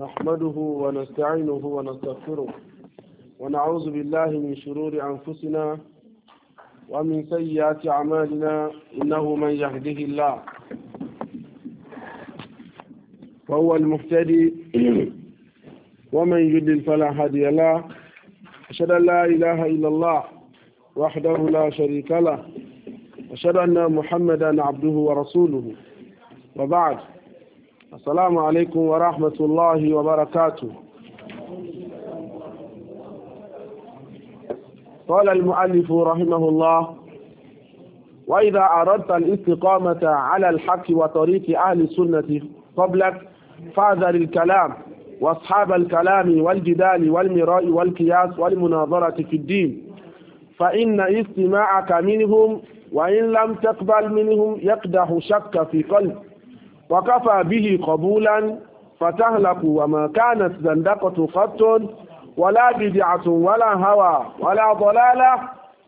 نحمده ونستعينه ونستغفره ونعوذ بالله من شرور أنفسنا ومن سيئات أعمالنا إنه من يهده الله فهو المهتدي ومن يدل فلا هادي له أشهد أن لا إله إلا الله وحده لا شريك له أشهد أن محمدا عبده ورسوله وبعد السلام عليكم ورحمة الله وبركاته قال المؤلف رحمه الله وإذا أردت الاستقامة على الحق وطريق أهل السنة قبلك فاذر الكلام وأصحاب الكلام والجدال والمراء والقياس والمناظرة في الدين فإن استماعك منهم وإن لم تقبل منهم يقدح شك في قلبك وكفى به قبولا فتهلك وما كانت زندقة قط ولا بدعة ولا هوى ولا ضلالة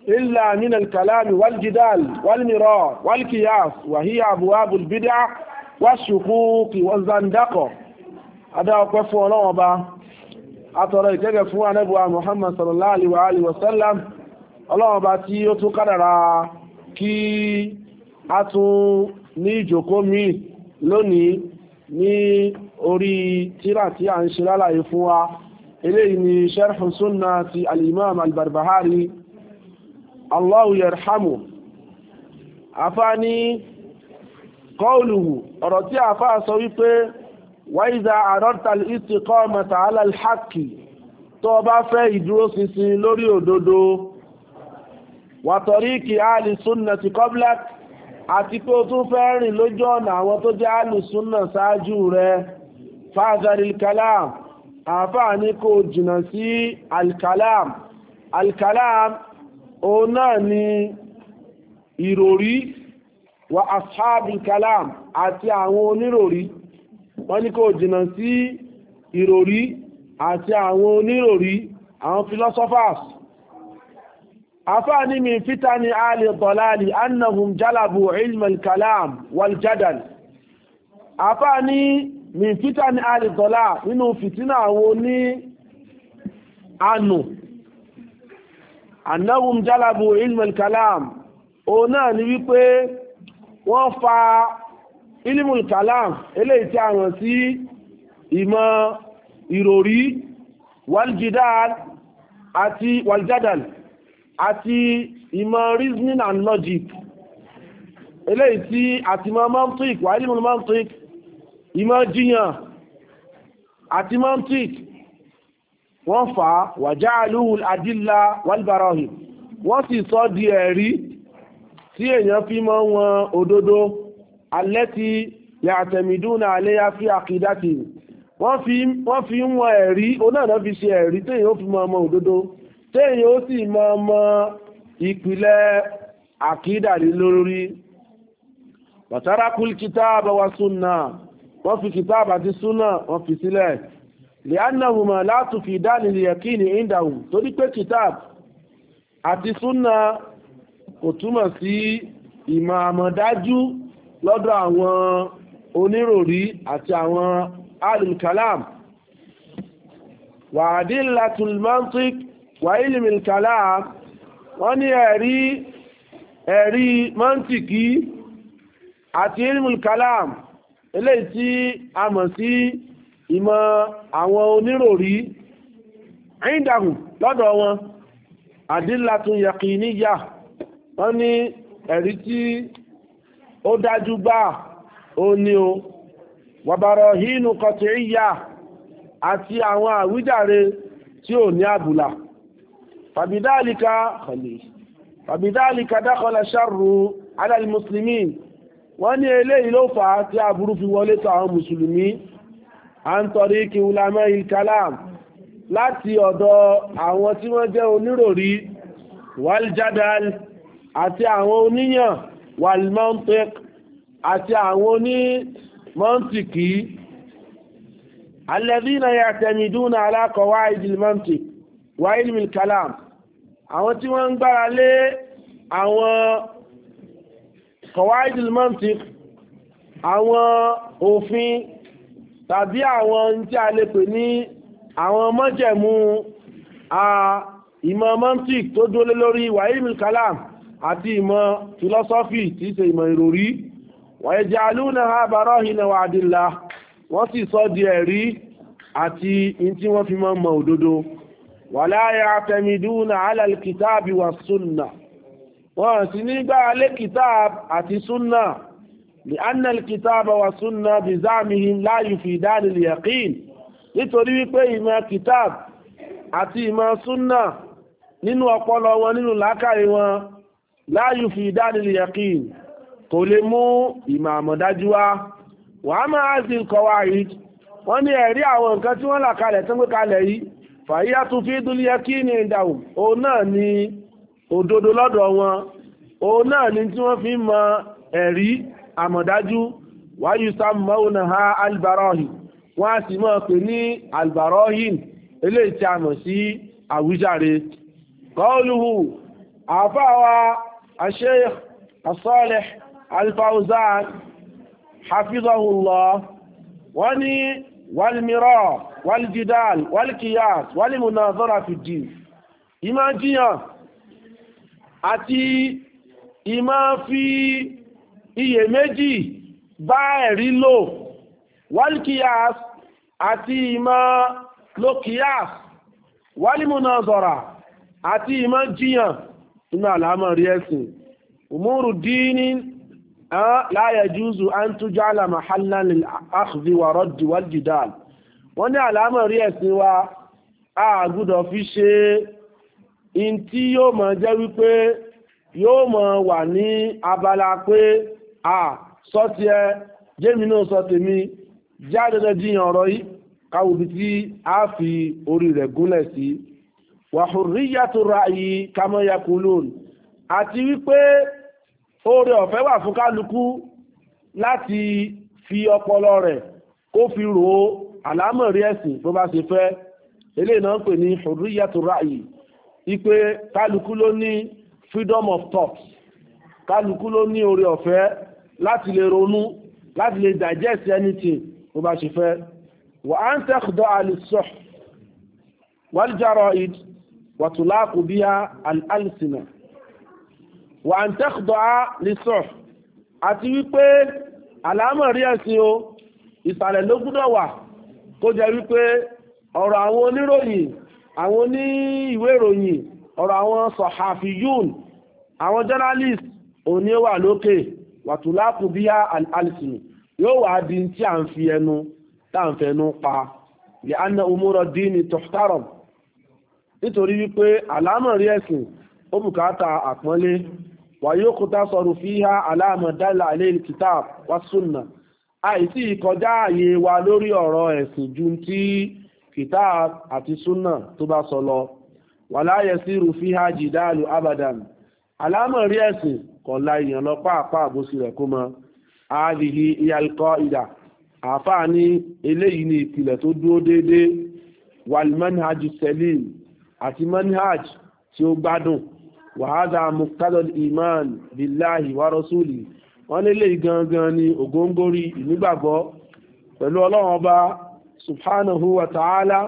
إلا من الكلام والجدال والمراء والكياس وهي أبواب البدع والشقوق والزندقة هذا وقف ولوبا أترى كيف نبوى محمد صلى الله عليه وآله وسلم الله bá tí كي أتو kádàrá kí lónìí ní orí tírà tí a ń ṣe lálàyé fún wa eléyìí ni sharh sunna ti al-imam al-barbahari allahu yarhamu afá ní qawluhu ọ̀rọ̀ tí afá sọ wípé wa iza aradta al-istiqamata tó bá fẹ́ ìdúró ṣinṣin lórí òdodo wàtọ̀ríkì àlìsúnnà ti kọ́blák àti pé o tún fẹ́ rìn lójú ọ̀nà àwọn tó jẹ́ alùsúnnà ṣáájú rẹ fáàzàrí alkalam àáfàá ní kò jìnnà sí alkalam alkalam òun náà ni ìròrí wa ashabi kalam àti àwọn oníròrí wọ́n ní kò jìnnà sí ìròrí àti àwọn oníròrí àwọn philosophers afáàní mi fita ni alì tọ́láàlì annahum jalabu ilmal kalam wal jadal afáàní mi fita ni alì tọ́lá nínú fitina wo ní anu annahum jalabu ilmal kalam o náà ni wípé wọ́n fa ilmul kalam eléyìí tí a rán sí ìmọ̀ waljidal àti waljadal àti ìmọ̀ reasoning and logic eléyìí tí àti ìmọ̀ mantik wà ní ìmọ̀ mantik ìmọ̀ jiyàn àti mantik wọ́n fà á wàjá alúhùn adílá wàlbàrọ̀hìn wọ́n sì sọ di ẹ̀rí tí èèyàn fi mọ́ wọn òdodo alẹ́ ti yàtẹ̀mídúnà àléyá fi àkídá tì wọ́n fi ń wọn ẹ̀rí onáà fi ṣe ẹ̀rí téèyàn fi mọ́ ọmọ òdodo téèyàn ó sì mọ ọmọ ìpìlẹ̀ àkídàrí lórí wàtárákùl kìtáàbà wa súnà wọ́n fi kìtáàbà àti súnà wọ́n fi sílẹ̀ lẹ́ánàhùmọ̀ látù fi dánilẹ̀kíni ìndàhùn torí pé kìtáàb àti súnà kò túmọ̀ sí ìmọ̀ àmọ̀dájú lọ́dọ̀ àwọn oníròrí wà ilmi kalam wọ́n ní ẹ̀rí ẹ̀rí mọ́ntìkì àti ilmi kalam eléyìí tí a mọ̀ sí ìmọ̀ àwọn oníròrí ẹ̀yìndàhùn lọ́dọ̀ wọn àdílàtún yàkìníyà wọ́n ní ẹ̀rí tí ó dájú gbà ó ní o wàbàrọ̀ hínú kọtìríyà àti àwọn àwíjàre tí ò ní àbùlà فبذلك خليه فبذلك دخل الشر على المسلمين wọ́n ní eléyìí ló fà á tí aburú fi wọlé tó àwọn mùsùlùmí à ń tọrí kí ulama ilkalam láti ọ̀dọ̀ àwọn tí wọ́n jẹ́ oníròrí waljadal àti àwọn oníyàn walmantik àti àwọn onímọ́ntìkì alladhina ya'tamiduna ala qawaidil mantik wa ilmi kalam àwọn tí wọ́n ń gbára lé àwọn qawaidul mantiq àwọn òfin tàbí àwọn tí a lè pè ní àwọn mọ́jẹ̀mú a ìmọ̀ mantiq tó dólé lórí wa ilmi kalam àti ìmọ̀ philosophy tí í ṣe ìmọ̀ ìròrí wàyẹ̀jàlúnàá àbárọ̀hìnà wà àdìlá wọ́n sì sọ di ẹ̀rí àti in wọ́n fi mọ́ mọ̀ òdodo wàlá ya'tamiduna 'ala al-kitabi wa sunna wọ́n sì nígbà alẹ́ kìtàb àti súnà lè annal kìtàb wa súnà bí záàmìhìn la yufidani al-yaqin nítorí wípé ìmọ̀ kìtàb àti ìmọ̀ súnà nínú ọpọlọ wọn nínú làákàrí wọn la yufidani al-yaqin kò lè mú ìmọ̀ àmọ̀dájú wá fàyíyá tún fi dúlíyà kí ní ìdáhùn òun náà ni òdodo lọ́dọ̀ wọn òun náà ni tí wọ́n fi mọ ẹ̀rí àmọ̀dájú wáyú sàmọ́ọ̀nà ha albarahi wọ́n á sì máa pè ní albarohin eléyìí tí a mọ̀ sí àwíjàre kọ́ọ̀lùhù àfáwa Sheikh as-Salih al-Fawzan hafizahullah wọ́n ní walmira waljidal walkiyas walimunazara fìdí ìmá jíyàn àti ìmá fi iyèméjì bá ẹ̀rí lò walkiyas àti ìmá lókiyas walimunazara àti ìmá jíyàn inú àlámọ̀ rí umuru dínì la yajuzu an tujala mahallan lil akhdhi wa radd wal jidal wọ́n ní àlámọ̀rí ẹ̀sìn wa a gbọ́dọ̀ fi ṣe in tí yóò mọ̀ jẹ́ wípé yóò mọ̀ wà ní abala pé a sọ ti ẹ jẹ́mi náà sọ tèmi jáde jiyàn ọ̀rọ̀ yìí káwùbí tí a fi orí rẹ̀ gúnlẹ̀ sí wàhùrí yàtọ̀ ra yìí kàmọ́ yakulun àti wípé oore ọ̀fẹ́ wà fún kálukú láti fi ọpọlọ rẹ̀ kó fi rò ó àlámọ̀rí ẹ̀sìn bó bá ṣe fẹ́ eléyìí náà ń pè ní hurriyatu ra'yi ipe kálukú ló ní freedom of thought kálukú ló ní oore ọ̀fẹ́ láti lè ronú láti lè digest anything bó bá ṣe fẹ́ wà á ń tẹ́kùdọ́ àlùsọ̀ wal jaraid wàtúláàkù bíi al-alsina wà ń tẹ́kùtọ̀ á lè sọ̀ àti wípé àlámọ̀ rí ẹ̀sìn o ìsàlẹ̀ ló gbúdọ̀ wà kó jẹ́ wípé ọ̀rọ̀ àwọn oníròyìn àwọn oní ìwé ìròyìn ọ̀rọ̀ àwọn sọ̀hàfíyún àwọn journalist òní wà lókè wàtúláàpù bí i alìsìn yóò wà di tí à ń fi ẹnu tá à ń fẹnu pa lè anna umúrọ̀ dín ní tọ́tàrọ̀ nítorí wípé àlámọ̀ rí ẹ̀sìn ó bùkátà àpọ́nlé ويقتصر فيها على ما دل عليه الكتاب والسنة àìsí ìkọjá ààyè wa lórí ọ̀rọ̀ ẹ̀sìn ju ti kìtáàb àti súnà tó bá sọ lọ wà láyẹ̀ sí rufíhá jìdáàlù abadan alámọ̀rí ẹ̀sìn kọ̀ la èèyàn lọ pàápàá àbòsí rẹ̀ kó mọ àádìhí ìyàlùkọ ìdà àáfàá ní eléyìí ní ìpìlẹ̀ tó dúró déédéé wàlmanhaj selim àti manhaj tí ó gbádùn wàhádà muktadal iman billahi wa rasuli wọn nílé gangan ni ògóńgórí ìnígbàgbọ́ pẹ̀lú ọlọ́run ọba subhanahu wa ta'ala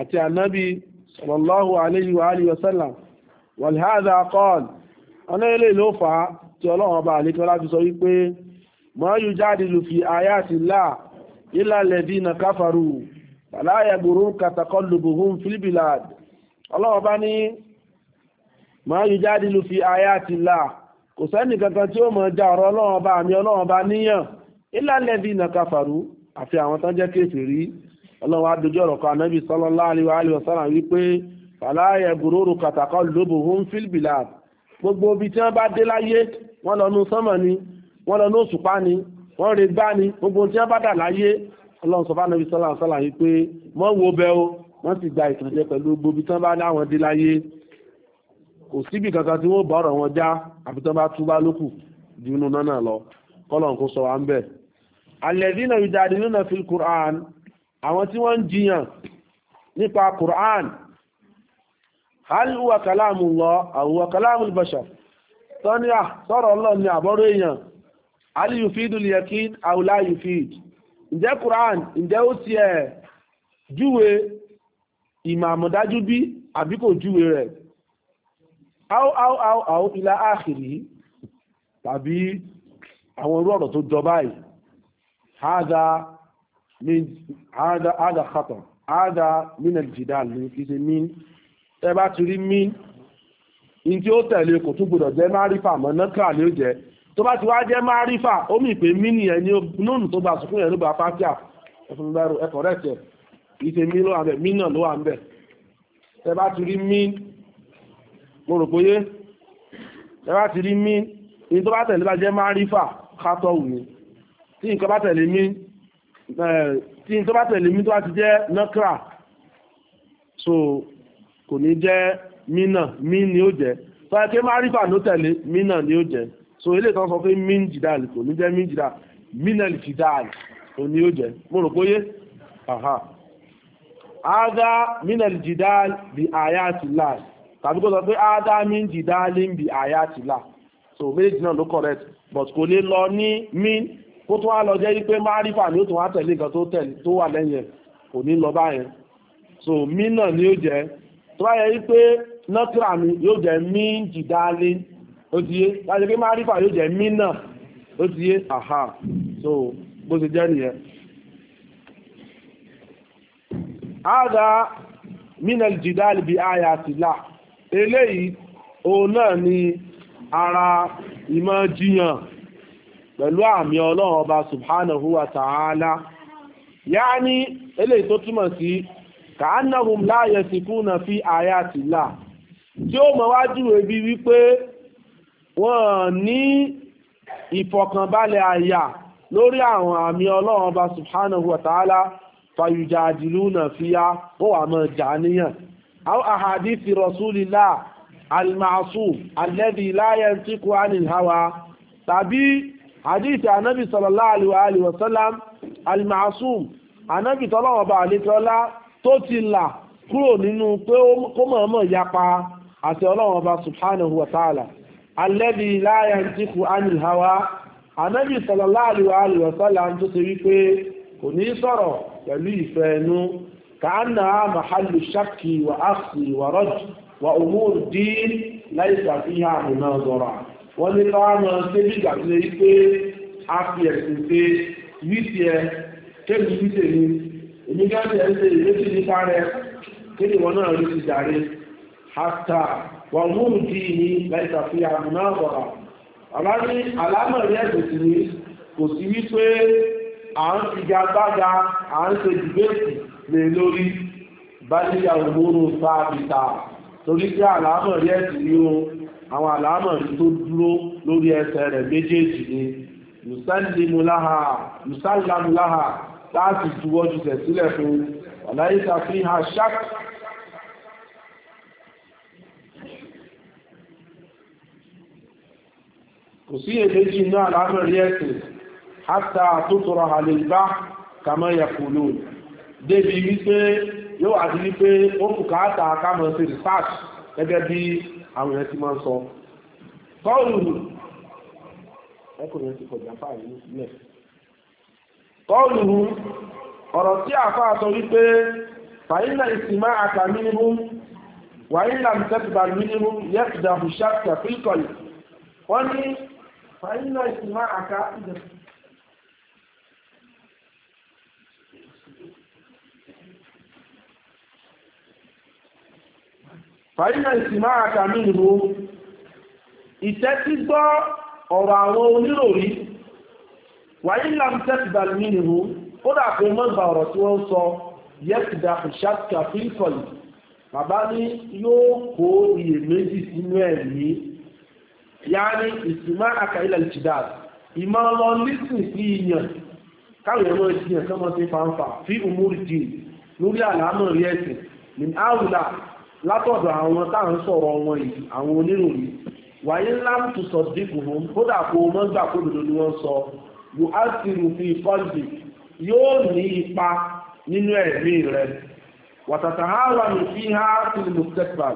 àti anabi sallallahu alayhi wa alihi wa sallam walhada qal ọ̀nà ilé ló fà á tí ọlọ́run ọba àlékọ́ láti sọ wípé ma yujadilu fi ayati llah illa alladhina kafaru fala yaghurunka taqallubuhum fil ọba ní ma yí jáde lu fi ayati Allah kò sẹ́ni kankan tí ó mọ̀ já ọ̀rọ̀ ọlọ́run ọba àmì ọlọ́run ọba níyàn illa alladhina kafaru àfi àwọn tán jẹ́ kèfèrí ọlọ́run adójú ọ̀rọ̀ kan anábì sallallahu alaihi wa sallam wípé fala yagururu taqallubuhum fil bilad gbogbo ibi tí wọ́n bá dé láyé wọ́n lọ nu sánmọ̀ ni wọ́n lọ nu òṣùpá ni wọ́n rè gbá ni gbogbo tí wọ́n bá dà láyé ọlọ́run sọ fánàbí sallallahu alaihi sallam wípé mọ́ wo bẹ́ o wọ́n sì gba ìtànjẹ pẹ̀lú gbogbo ibi tí wọ́n bá dá dé láyé kò síbi kankan tí wọ́n bọ̀rọ̀ wọn já àfi tán bá túbá lókù ju inú náà lọ kọ́lọ̀ kó sọ wá ń bẹ̀. fil Qur'an àwọn tí wọ́n ń jiyàn nípa Qur'an hal huwa kalamullah aw huwa kalamul bashar ah, sọ̀rọ̀ ni àbọ̀rọ̀ èèyàn hal yufidul yakin aw la yufid ǹjẹ́ Qur'an ǹjẹ́ ó áó áó áó áó ila áàkìrí tàbí àwọn orú ọ̀rọ̀ tó jọ báyìí hádá hádá khatọ̀ hádá mínà jìdál ní kí ṣe mí ẹ bá ti rí mí in tí ó tẹ̀lé kò tún gbọdọ̀ jẹ́ márífà mọ́ nọ́kà ni ó jẹ́ tó bá ti wá jẹ́ márífà ó mì pé mí nìyẹn ní nóònù tó gbà sùkúrù yẹn ló gba fáfíà ẹ̀fọn bẹ́rù ẹ̀kọ́ rẹ̀ tẹ̀ kì í ṣe mí ló wà ń bẹ̀ mí náà ló wà ń bẹ̀ ẹ bá ti rí min mo rò póyé ẹ bá ti rí mí ní tó bá tẹ̀lé bá jẹ́ márífà kátọ́ wù mí tí nǹkan bá tẹ̀lé mí tí nǹkan bá tẹ̀lé mí tó bá ti jẹ́ nọ́kra so kò ní jẹ́ mí náà mí ni ó jẹ́ tó yẹ kí márífà ló tẹ̀lé mí ni ó jẹ́ so ilé kan sọ pé mí ń jìdá kò ní jẹ́ mí ń jìdá mí náà jìdá kò ní ó jẹ́ mo rò póyé aha. Aga minal jidal bi ayati Allah tàbí kó sọ pé ádámì dìdá lẹ́m̀bì àyàtìlá so méjèèjì náà ló correct but kò lè lọ ní mean kó tó wá lọ jẹ́ wípé márífà ni ó tún wá tẹ̀lé nǹkan tó tẹ̀lé tó wà lẹ́yìn ẹ̀ kò ní lọ báyẹn so mean náà ni ó jẹ́ tó bá yẹ wípé nọ́tìrà mi yóò jẹ́ mean dìdá lẹ́n ó ti yé láti pé márífà yóò jẹ́ mean náà ó ti yé aha so bó ṣe jẹ́ nìyẹn. هذا من الجدال بآيات الله eléyìí òun náà ni ara ìmọ̀ jiyàn pẹ̀lú àmì ọlọ́run ọba subhanahu wa ta'ala yáání eléyìí tó túmọ̀ sí kàánàhùn láàyè síkúnà fi àyàtìlá tí ó mọ̀ wájú ebi wípé wọ́n ní ìfọ̀kànbalẹ̀ àyà lórí àwọn àmì ọlọ́run ọba subhanahu wa ta'ala fàyùjà àdìlú náà fi yá ó wà mọ̀ jà níyàn أو أحاديث رسول الله المعصوم الذي لا ينطق عن الهوى tàbí hadith anábi sallallahu alaihi wasallam وسلم المعصوم، anábi tọ́lọ́wọ́ bá àlékọ́lá tó ti là kúrò nínú pé kó mọ̀ọ́mọ̀ yapa àti ọlọ́wọ́ bá subhanahu wa ta'ala alladhi la yantiqu anil hawa anábi sallallahu alaihi wasallam tó ti wípé kò ní sọ̀rọ̀ pẹ̀lú ìfẹ́ ẹnu كأنها محل الشك وأخذ ورد وأمور الدين ليس فيها مناظرة ونقام سبيل عزيزيك أفيا سيدي ويسيا كم يسيني èmi gáàsì ẹ̀ṣẹ̀ ìrètí nípa rẹ̀ kí ni wọn náà rí ti dàrí hàtà wà múrù dí ní láìsà fi àmúná ọ̀rọ̀ aláàrí alámọ̀rí ẹ̀sẹ̀ sí ni kò sí wípé à ń figa gbága à ń ṣe dìbẹ́ẹ̀tì lè lórí bá níyà òmúrù sáàbìta torí pé àlámọ̀ rí ẹ̀sì ní o àwọn àlámọ̀ rí tó dúró lórí ẹsẹ̀ rẹ̀ méjèèjì ni yùsálàmùláhà láti juwọ́ jùsẹ̀ sílẹ̀ fún ọ̀láyíta fi ha ṣák kò sí èméjì náà àlámọ̀ rí ẹ̀sì hátà tó tọrọ àlèbá kàmọ́ yẹ kò lóòrùn débi wípé yóò wá sí wípé ó kù káàtà kámọ̀ sí research gẹ́gẹ́ bí àwọn èèyàn ti máa ń sọ kọ́ọ̀lù ẹkùnrin ti kọjá fáàrí ní sílẹ̀ kọ́ọ̀lù ọ̀rọ̀ tí àfáà sọ wípé fàyínà ìsìnmá àkà mínimú wàyínà ìtẹ́tìbà mínimú yẹ́tìdà hùṣàkà fíkọ̀lì wọ́n ní fàyínà ìsìnmá àkà ìdẹ̀sì fàyínà ìsìnmá àkàmì ìlú ọ̀rọ̀ àwọn oníròrí wàyí lámtẹ́tìbàlì nínú ó dàpé mọ́gbà ọ̀rọ̀ tí wọ́n sọ yẹ́tìdà ìṣàtìkà fíkọlì bàbá ní yóò kó iyèméjì sínú ẹ̀mí yáni ìsìnmá àkàílà ìtìdà ìmọ̀ lọ lísìn sí iyàn káwọn ẹ̀rọ ìsìnyàn sọ́mọ́ sí fanfà fí umúrìdì lórí àlámọ̀ rí ẹ̀sìn ní áwùlà látọ̀dọ̀ àwọn tá à ń sọ̀rọ̀ wọn yìí àwọn oníròyìn wàyí ńlá ń tún sọ dínkù fún kódà kó o mọ́ gbà kó dodo ni wọ́n sọ yóò á sì rù fi kọ́ńtì yóò ní ipa nínú ẹ̀mí rẹ̀ wàtàtà á wà ní fi há sí ní mùsùlùmí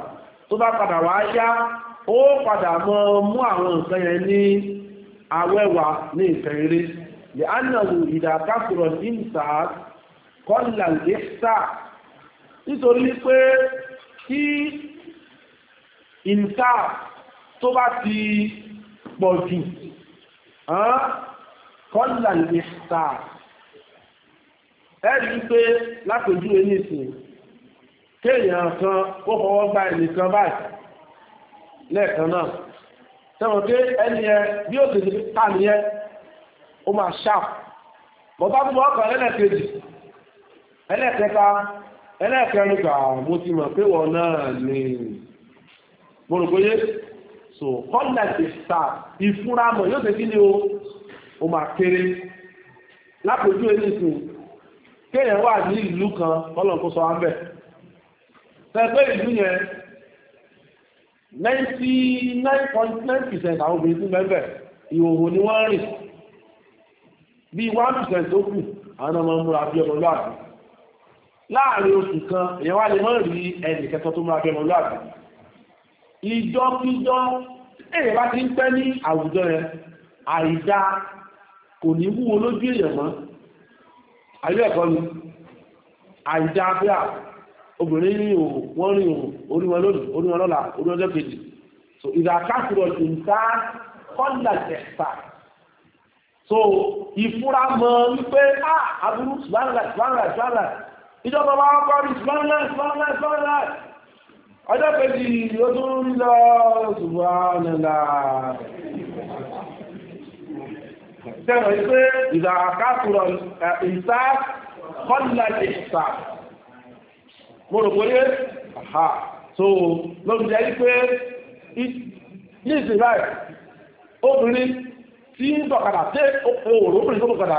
tó bá padà wá yá ó padà mọ́ mú àwọn nǹkan yẹn ní awẹ́wà ní ìfẹ̀rẹ́rẹ́ lè ánàwò ìdàkásùrọ̀ ní ìsà kọ́ńlà lè sà nítorí pé tí ìǹkà tó bá ti pọ̀ jù kọ́lá ìṣà ẹ̀rí wípé lápòjú ẹni ìsìn kéèyàn kan ó fọwọ́ gba ẹnìkan báyìí lẹ́ẹ̀kan náà tẹ́wọ̀n pé ẹni ẹ bí ó tètè tà ní ẹ ó máa ṣáà bọ́bá gbọ́ ọkàn ẹlẹ́ẹ̀kejì ẹlẹ́ẹ̀kẹta ẹlẹ́ẹ̀kẹrìnkà mo ti mọ̀ pé wọ́n náà ní mọ̀rọ̀gbóyé so kọ́lẹ̀tì sà ìfúnra mọ̀ yóò tẹ́kí ni o máa kéré lápòjú ẹni ìsìn kéèyàn wà ní ìlú kan kọ́lọ̀ kó sọ wá ń bẹ̀ tẹ́gbẹ́ ìlú yẹn ninety nine point nine percent àwọn obìnrin tún bẹ́ẹ̀ bẹ́ẹ̀ ìhòòhò ni wọ́n rìn bí one percent tó kù àwọn ọmọ múra bí ọmọlúwàbí láàrin oṣù kan èyàn wá lè mọ́ rí ẹnì kẹta tó máa bẹ̀rù lọ́àbí ìjọkíjọ èyàn bá ti ń pẹ́ ní àwùjọ yẹn àìdá kò ní wúwo lójú èyàn mọ́ ayé ẹ̀kọ́ ni àìdá bí a obìnrin ní òhùn wọ́n rí òhùn oníwọn lónìí oníwọn lọ́la oníwọn ọjọ́ kejì so ìdàkásùrọ̀ tó ń ta kọ́ńdà tẹ̀sà so ìfúra mọ́ wípé ah aburú sùgbọ́n ìjọba bá ń parí ìsìláńlá ìsìláńlá ìsìláńlá ọjọ́ kejì ó tún ń lọ ṣùgbọ́nàlá tẹ́rọ ipé ìdàkátùrọ̀ ìsá kọ́lá ìsá mo rò pé ha so lórí jẹ́ ipé ní ìsìn láì obìnrin tí ń tọ̀kadà tẹ́ òòrùn obìnrin tó tọ̀kadà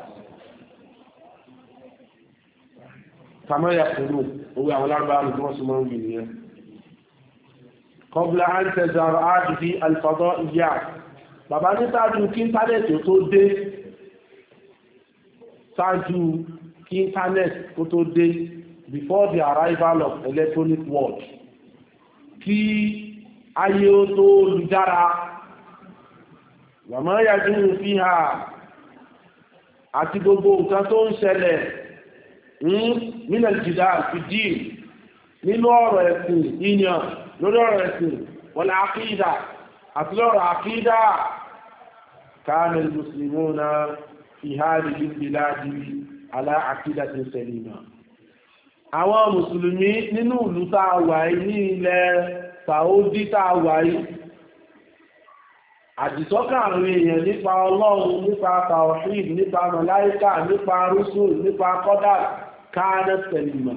tàmáyà pẹ̀lú owó àwọn lárúbáwá ní wọ́n sì mọ́ wí nìyẹn kọbla an tẹ̀zàrà áàdìdí alifadọ́ ìyá bàbá ní sáájú kí íńtánẹ́ẹ̀tì tó dé sáájú kí íńtánẹ́ẹ̀tì tó tó dé before the arrival of electronic world kí ayé ó tó lùdára wàmọ́ yàjú fi hà àti gbogbo nǹkan tó ń ṣẹlẹ̀ hmm? nínú ìjìdá ìdí nínú ọ̀rọ̀ ẹ̀sìn ìyàn lórí ọ̀rọ̀ ẹ̀sìn wọlé àkídà àti lọ́rọ̀ àkídà káàmì mùsùlùmí na ìhàrí ìbíláàdì aláàkídà ti sẹ̀lìmà àwọn mùsùlùmí nínú ìlú tàwàí Saudi àdìsọ́kà àwọn èèyàn nípa ọlọ́run nípa tàwàí nípa màláíkà nípa rúsùn nípa kọ́dà káàdẹ́ sẹ́lìmọ̀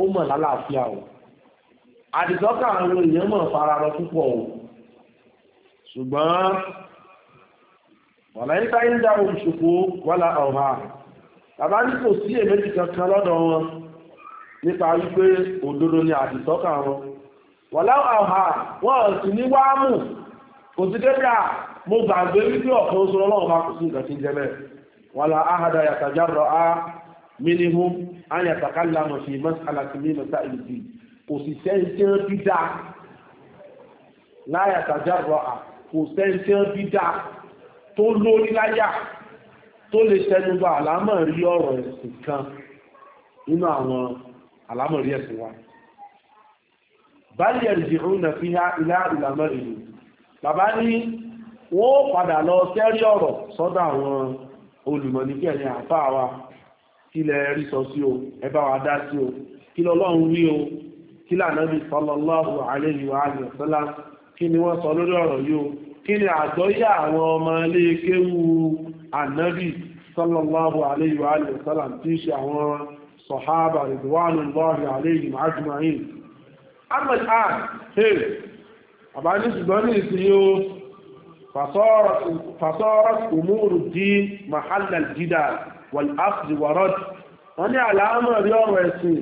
ó mọ̀ lálàáfíà o àdìsọ́kà àwọn èèyàn mọ̀ púpọ̀ o ṣùgbọ́n wọ̀nà ń táyé ń dá wọ́lá ọ̀há bàbá ní kò sí èméjì kankan lọ́dọ̀ wọn nípa wípé òdodo ni àdìsọ́kà wọn wọ̀lá sì ní kò sí mo gbàgbé wípé ọ̀kan oṣù ọlọ́run bá sí ìgbà tí ń jẹ bẹ́ẹ̀ minimum an yatakallamu fi mas'alati min masail din kò sì sẹ́ńtẹ́ bí dá láyà tàjárọ̀ à kò sẹ́ńtẹ́ bí dá tó lórí láyà tó lè sẹ́nubà àlámọ̀rí ọ̀rọ̀ ẹ̀sìn kan nínú àwọn àlámọ̀rí ẹ̀sìn wa báyẹ̀ ìjìrún nà fi há ilá ìlàmọ́ ìlú bàbá ní wọ́n padà lọ sẹ́rí ọ̀rọ̀ sọ́dọ̀ àwọn olùmọ̀ ní àfáà wa kí lẹ rí sọ sí o ẹ bá wa dá sí o kí lọ́lọ́run wí o kí lànàbí sallallahu alayhi wa sallam kí ni wọ́n sọ lórí ọ̀rọ̀ yìí o kí ni àgbọ́yé àwọn ọmọ ilé kéwu ànábì sallallahu alayhi wa tí ṣe àwọn sọ̀hábà fasọ́rọ̀ umuru di mahallal jidal wàláàfì wàrọ́dì wọ́n ní àlàámọ̀ rí ọ̀rọ̀ ẹ̀sìn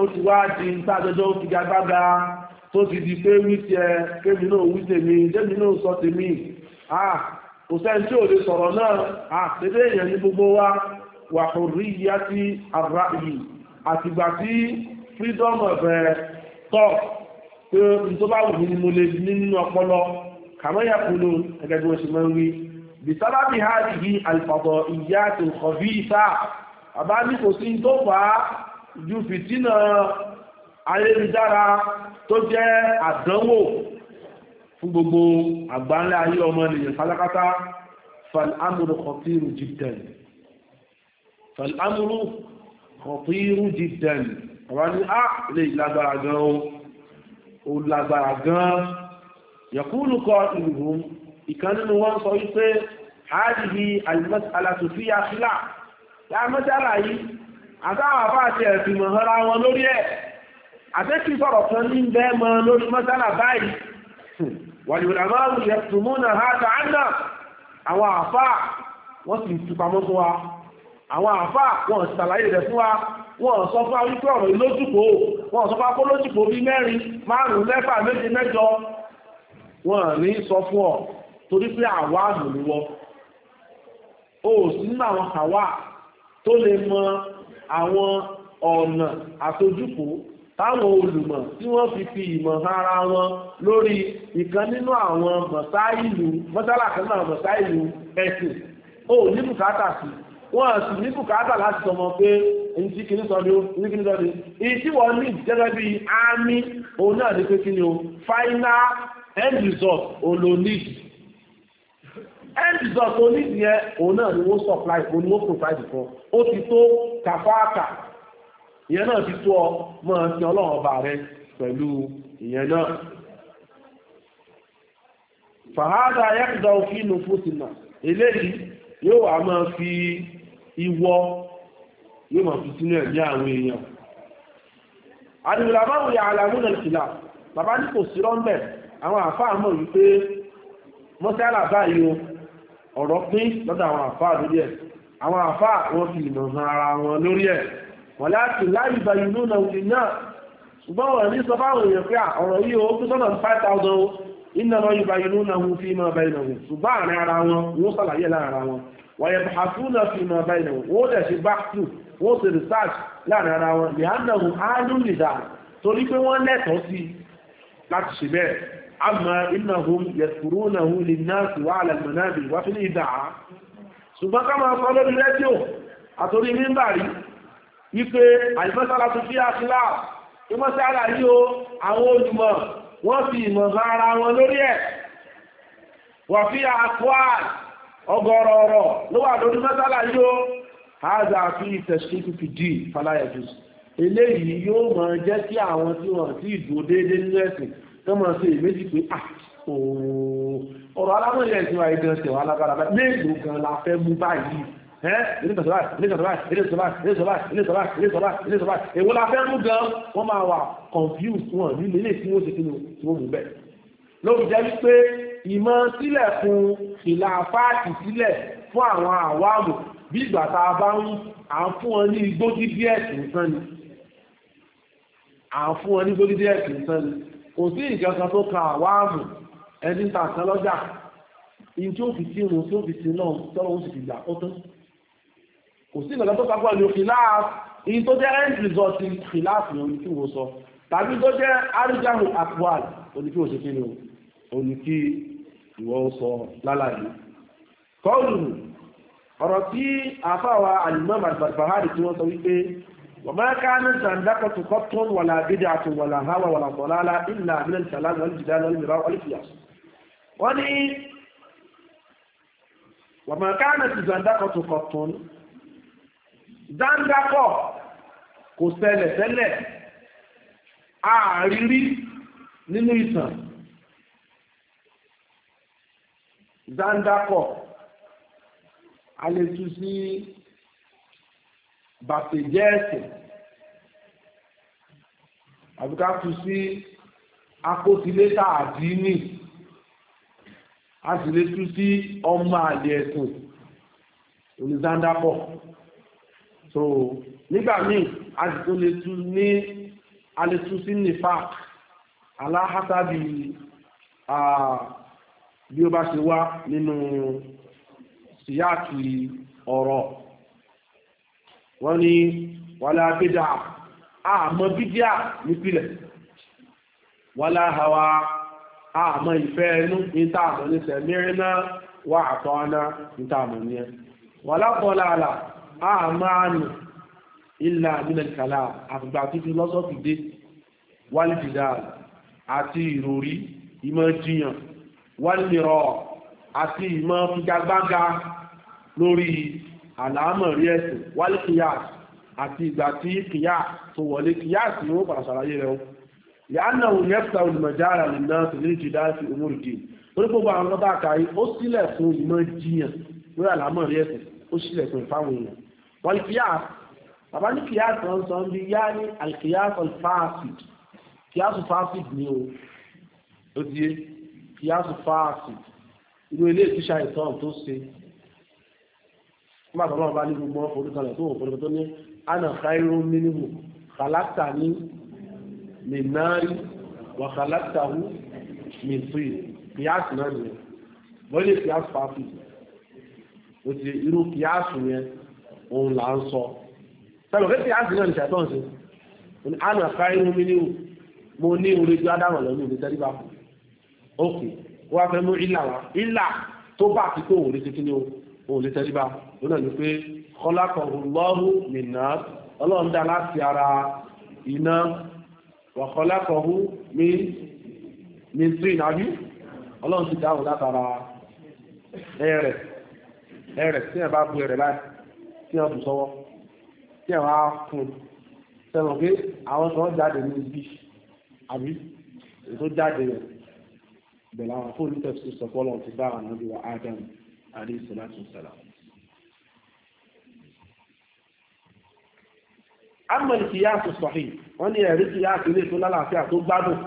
ó ti wá di ìtàjọjọ́ ó ti gagbága tó ti di pé wíṣì ẹ kémi náà wíṣì mi démi náà sọ tèmi ah kò sẹ́ni tí ò lè sọ̀rọ̀ náà ah dédé èèyàn ní gbogbo wa wà kò rí ìyá sí freedom of eh, talk pé n tó bá wù mí ni mo lè nínú ọpọlọ kàmọ́yà kúló ẹgẹ́ bí wọ́n ṣe bisababi hadihi al-fadaiyyat al-khabitha bàbá ní kò sí tó fà á ju fìtínà ayélujára tó jẹ́ àdánwò fún gbogbo àgbáńlá ayé ọmọ ènìyàn pátápátá fal'amuru khatiru jiddan fal'amuru khatiru jiddan bàbá ní á lè lágbára gan o lágbára gan yaqulu qailuhum ìkan nínú wọn sọ wípé àádìí alàtòfíà fílà láàmọ́sára yìí àtàwọn àfáàtì ẹ̀fìmọ̀ ọ̀rá wọn lórí ẹ̀ àtẹ́kì sọ̀rọ̀ kan ní bẹ́ẹ̀ mọ́ lórí mọ́sálà báyìí wàlìwòlàmáàrùn yẹ̀tùmúnà hátà ánà àwọn àfáà wọ́n sì tupamọ́ fún wa àwọn àfáà wọ́n ṣàlàyé rẹ̀ fún wa wọ́n sọ fún wípé ọ̀rọ̀ ìlójúkò wọ́n sọ fún akólójúkò bí mẹ́rin márùn-ún mẹ́fà méje mẹ́jọ wọ́n ní sọ fún ọ torí pé àwa àmúlùwọ́ o sì nínú àwọn àwa tó lè mọ àwọn ọ̀nà àtojúkò táwọn olùmọ̀ tí wọ́n fi fi ìmọ̀ ara wọn lórí ìkan nínú àwọn mọ̀sáìlú mọ́sálà kan náà mọ̀sáìlú ẹ̀sìn o ní bùkátà sí wọ́n sì ní bùkátà láti sọmọ pé èyí tí kìíní sọ ní o ní kìíní sọ ní èyí tí wọ́n ní gẹ́gẹ́ bí àmì òun náà ní pé kí ni o final end result olóníìdì ẹ́dìsọ̀ tó nídìí ẹ òun náà ni wọ́n supply òun ni wọ́n provide fún ó ti tó kàfáàkà ìyẹn náà ti tó ọ mọ́ ọ sí ọlọ́run ọba rẹ pẹ̀lú ìyẹn náà fàhádà ayẹ́kùdà òfin inú fòsìnà eléyìí yóò wà máa fi ìwọ yóò máa fi sínú ẹ̀mí àwọn èèyàn alìmìlàmáwò yà àlàmúnà ìkìlà bàbá ní kò sí rọ́ńbẹ̀ àwọn àfáà mọ̀ wípé mọ́sálà báyìí ọ̀rọ̀ pé lọ́dọ̀ àwọn àfáà lórí ẹ̀ àwọn àfáà wọ́n fi ìmọ̀ hàn ara wọn lórí ẹ̀ wọ́n láti láì bá inú náà òdì náà ṣùgbọ́n wọ́n ní sọ fáwọn èèyàn pé ọ̀rọ̀ yìí ó kún sọ́nà 5000 iná lọ yìí bá inú náà wù fi máa bá iná wù ṣùgbọ́n àárín ara wọn wọ́n sàlàyé láàrin ara wọn wọ́n yẹ bá fún náà fi máa bá iná wù wọ́n dẹ̀ ṣe bá tù wọ́n ṣe research láàrin ara wọn lè hàn náà wù áálù nìdá torí pé wọ́n lẹ́tọ̀ọ́ sí láti ṣe bẹ́ẹ̀ amma innahum yadhkurunahu lin-nas wa 'ala al-manabil wa fil idaa'a ṣùgbọ́n ká máa sọ lórí rédíò àtòrí mímbàrí wípé àìmọ́sára tó fi àṣílá ìmọ́sára yí o àwọn olùmọ̀ wọ́n fi ìmọ̀ ara wọn lórí ẹ̀ wà fi àkọ́à ọgọ́rọ̀ ọ̀rọ̀ ló wà lórí mọ́sára yí fi tashkik fi dì fala yajuz eléyìí yóò máa jẹ́ kí àwọn tí wọ́n ti ìdúró déédéé nínú wọ́n máa ṣe ìméjì pé ah, ọ̀rọ̀ alámọ̀lẹ̀ ìsinmi àìdán tẹ̀wọ̀ alágbára bá mélòó gan la fẹ́ mú báyìí èwo la fẹ́ mú gan wọ́n máa wà confused wọn nílé ilé tí wọ́n ṣe kínú tí wọ́n mú bẹ́ẹ̀ lórí jẹ́ wípé ìmọ̀ sílẹ̀ fún ìlàfáàtì sílẹ̀ fún àwọn àwáàmù bí ìgbà tá a bá ń à ń fún wọn ní igbó dídí ẹ̀sìn sán ni à ń fún wọn ní igbó dídí ẹ̀sìn sán ni kò sí ìkankan tó ka àwáàmù ẹni ń ta àkán lọ́jà in tí ó fi sí irun tí ó fi sí náà tọ́lọ́ ó sì fi gbà ó tán kò sí ìkankan tó ka pọ̀ lókè láàá in tó jẹ́ end result kìláàsì òní kí wo sọ tàbí tó jẹ́ arijahu akwal òní kí wo ṣe kíni o òní kí ìwọ ó sọ lálàyé kọ́ọ̀lù ọ̀rọ̀ tí àfáwà àlùmọ́ màdìbàdìbà hàrì tí wọ́n sọ wípé وما كانت زندقة قط ولا بدعة ولا هوى ولا ضلالة إلا من الكلام والجدال والمراء والقياس وني وما كانت زندقة قط زندقة kò ṣẹlẹ̀ tẹ́lẹ̀ ààrírí nínú ìtàn zandakọ̀ a bàtẹ̀jẹ́ ẹ̀sìn àbíká tu sí akótilétà àdínì a sì lè tú sí ọmọ àlè ẹ̀sìn olùsándápọ̀ so nígbà míì a sì tún lè tú ní a lè tú sí nifak aláhásábì bí ó bá ṣe wá nínú síyáàkì ọ̀rọ̀ wọ́n ní wàlá bídà àmọ́ bídíà nípìlẹ̀ wàlá hawa àmọ́ ìfẹ́ ẹnu níta àmọ́ ní sẹ̀mírin náà wà àtọ́ ọ̀nà níta àmọ́ ní ẹ wàlá bọ́lá àlà àmọ́ àmì ìlà nílẹ̀ kàlà àfìgbà tó fi lọ́sọ̀ fìdé wálìdìdà àti àlàámọ̀ rí ẹ̀sìn wálé kìyàs àti ìgbà tí kìyàs tó wọlé kìyàs ni wọ́n padà ṣàlàyé rẹ̀ o lẹ́ànà òun yẹ́pùtà olùmọ̀jára nìna sílé ìjìdá sí omúrìdì orí gbogbo àwọn ọba àkàrí ó sílẹ̀ fún ìmọ̀ jiyàn lórí àlámọ̀ rí ẹ̀sìn ó sílẹ̀ fún ìfáwọn èèyàn wọ́n kíyà bàbá ní kíyà sàn sàn bí yá ní àìkíyà sàn fáàsìd kíyà sùn fáàsìd ni o ó di kíyà sùn fáàsìd irú ilé ìtúṣà ìtàn tó nígbà tó lọ́wọ́ bá ní gbogbo wọn forí kalẹ̀ tó wọ́n forí tó ní ana khairu minhu khalaqtani min nari wa khalaqtahu min tin kíyàsì náà nìyẹn wọ́n lè kíyàsì fàáfì o ti irú kíyàsì yẹn òun là ń sọ sọlọ pé kíyàsì náà nìṣẹ́ tó ń ṣe ana khairu minhu mo ní orí adáwọn lọ́nà ìlú tẹ́lifà fún ok wọ́n fẹ́ mú ìlà wá ìlà tó bá àti tó òun lè ṣe kí ni o òun lè tẹ́líbà ó náà ní pé kọlákọ̀ọ́hùnlọ́hù nìna ọlọ́run dá láti ara iná wà kọlákọ̀ọ́hù ní tí ìnábí ọlọ́run ti dáhùn látara ẹ̀rẹ̀ ẹ̀rẹ̀ tí ẹ̀ bá bu ẹ̀rẹ̀ láì tí ẹ̀ bù sọ́wọ́ tí ẹ̀ wá fún sẹ́wọ̀n pé àwọn kan jáde ní ibi àbí ètò jáde alayhi salatu wassalam àmọ́ ìkìyàtò sọ̀hì wọ́n ní ẹ̀rí kìyàtò ilé tó lálàáfíà tó gbádùn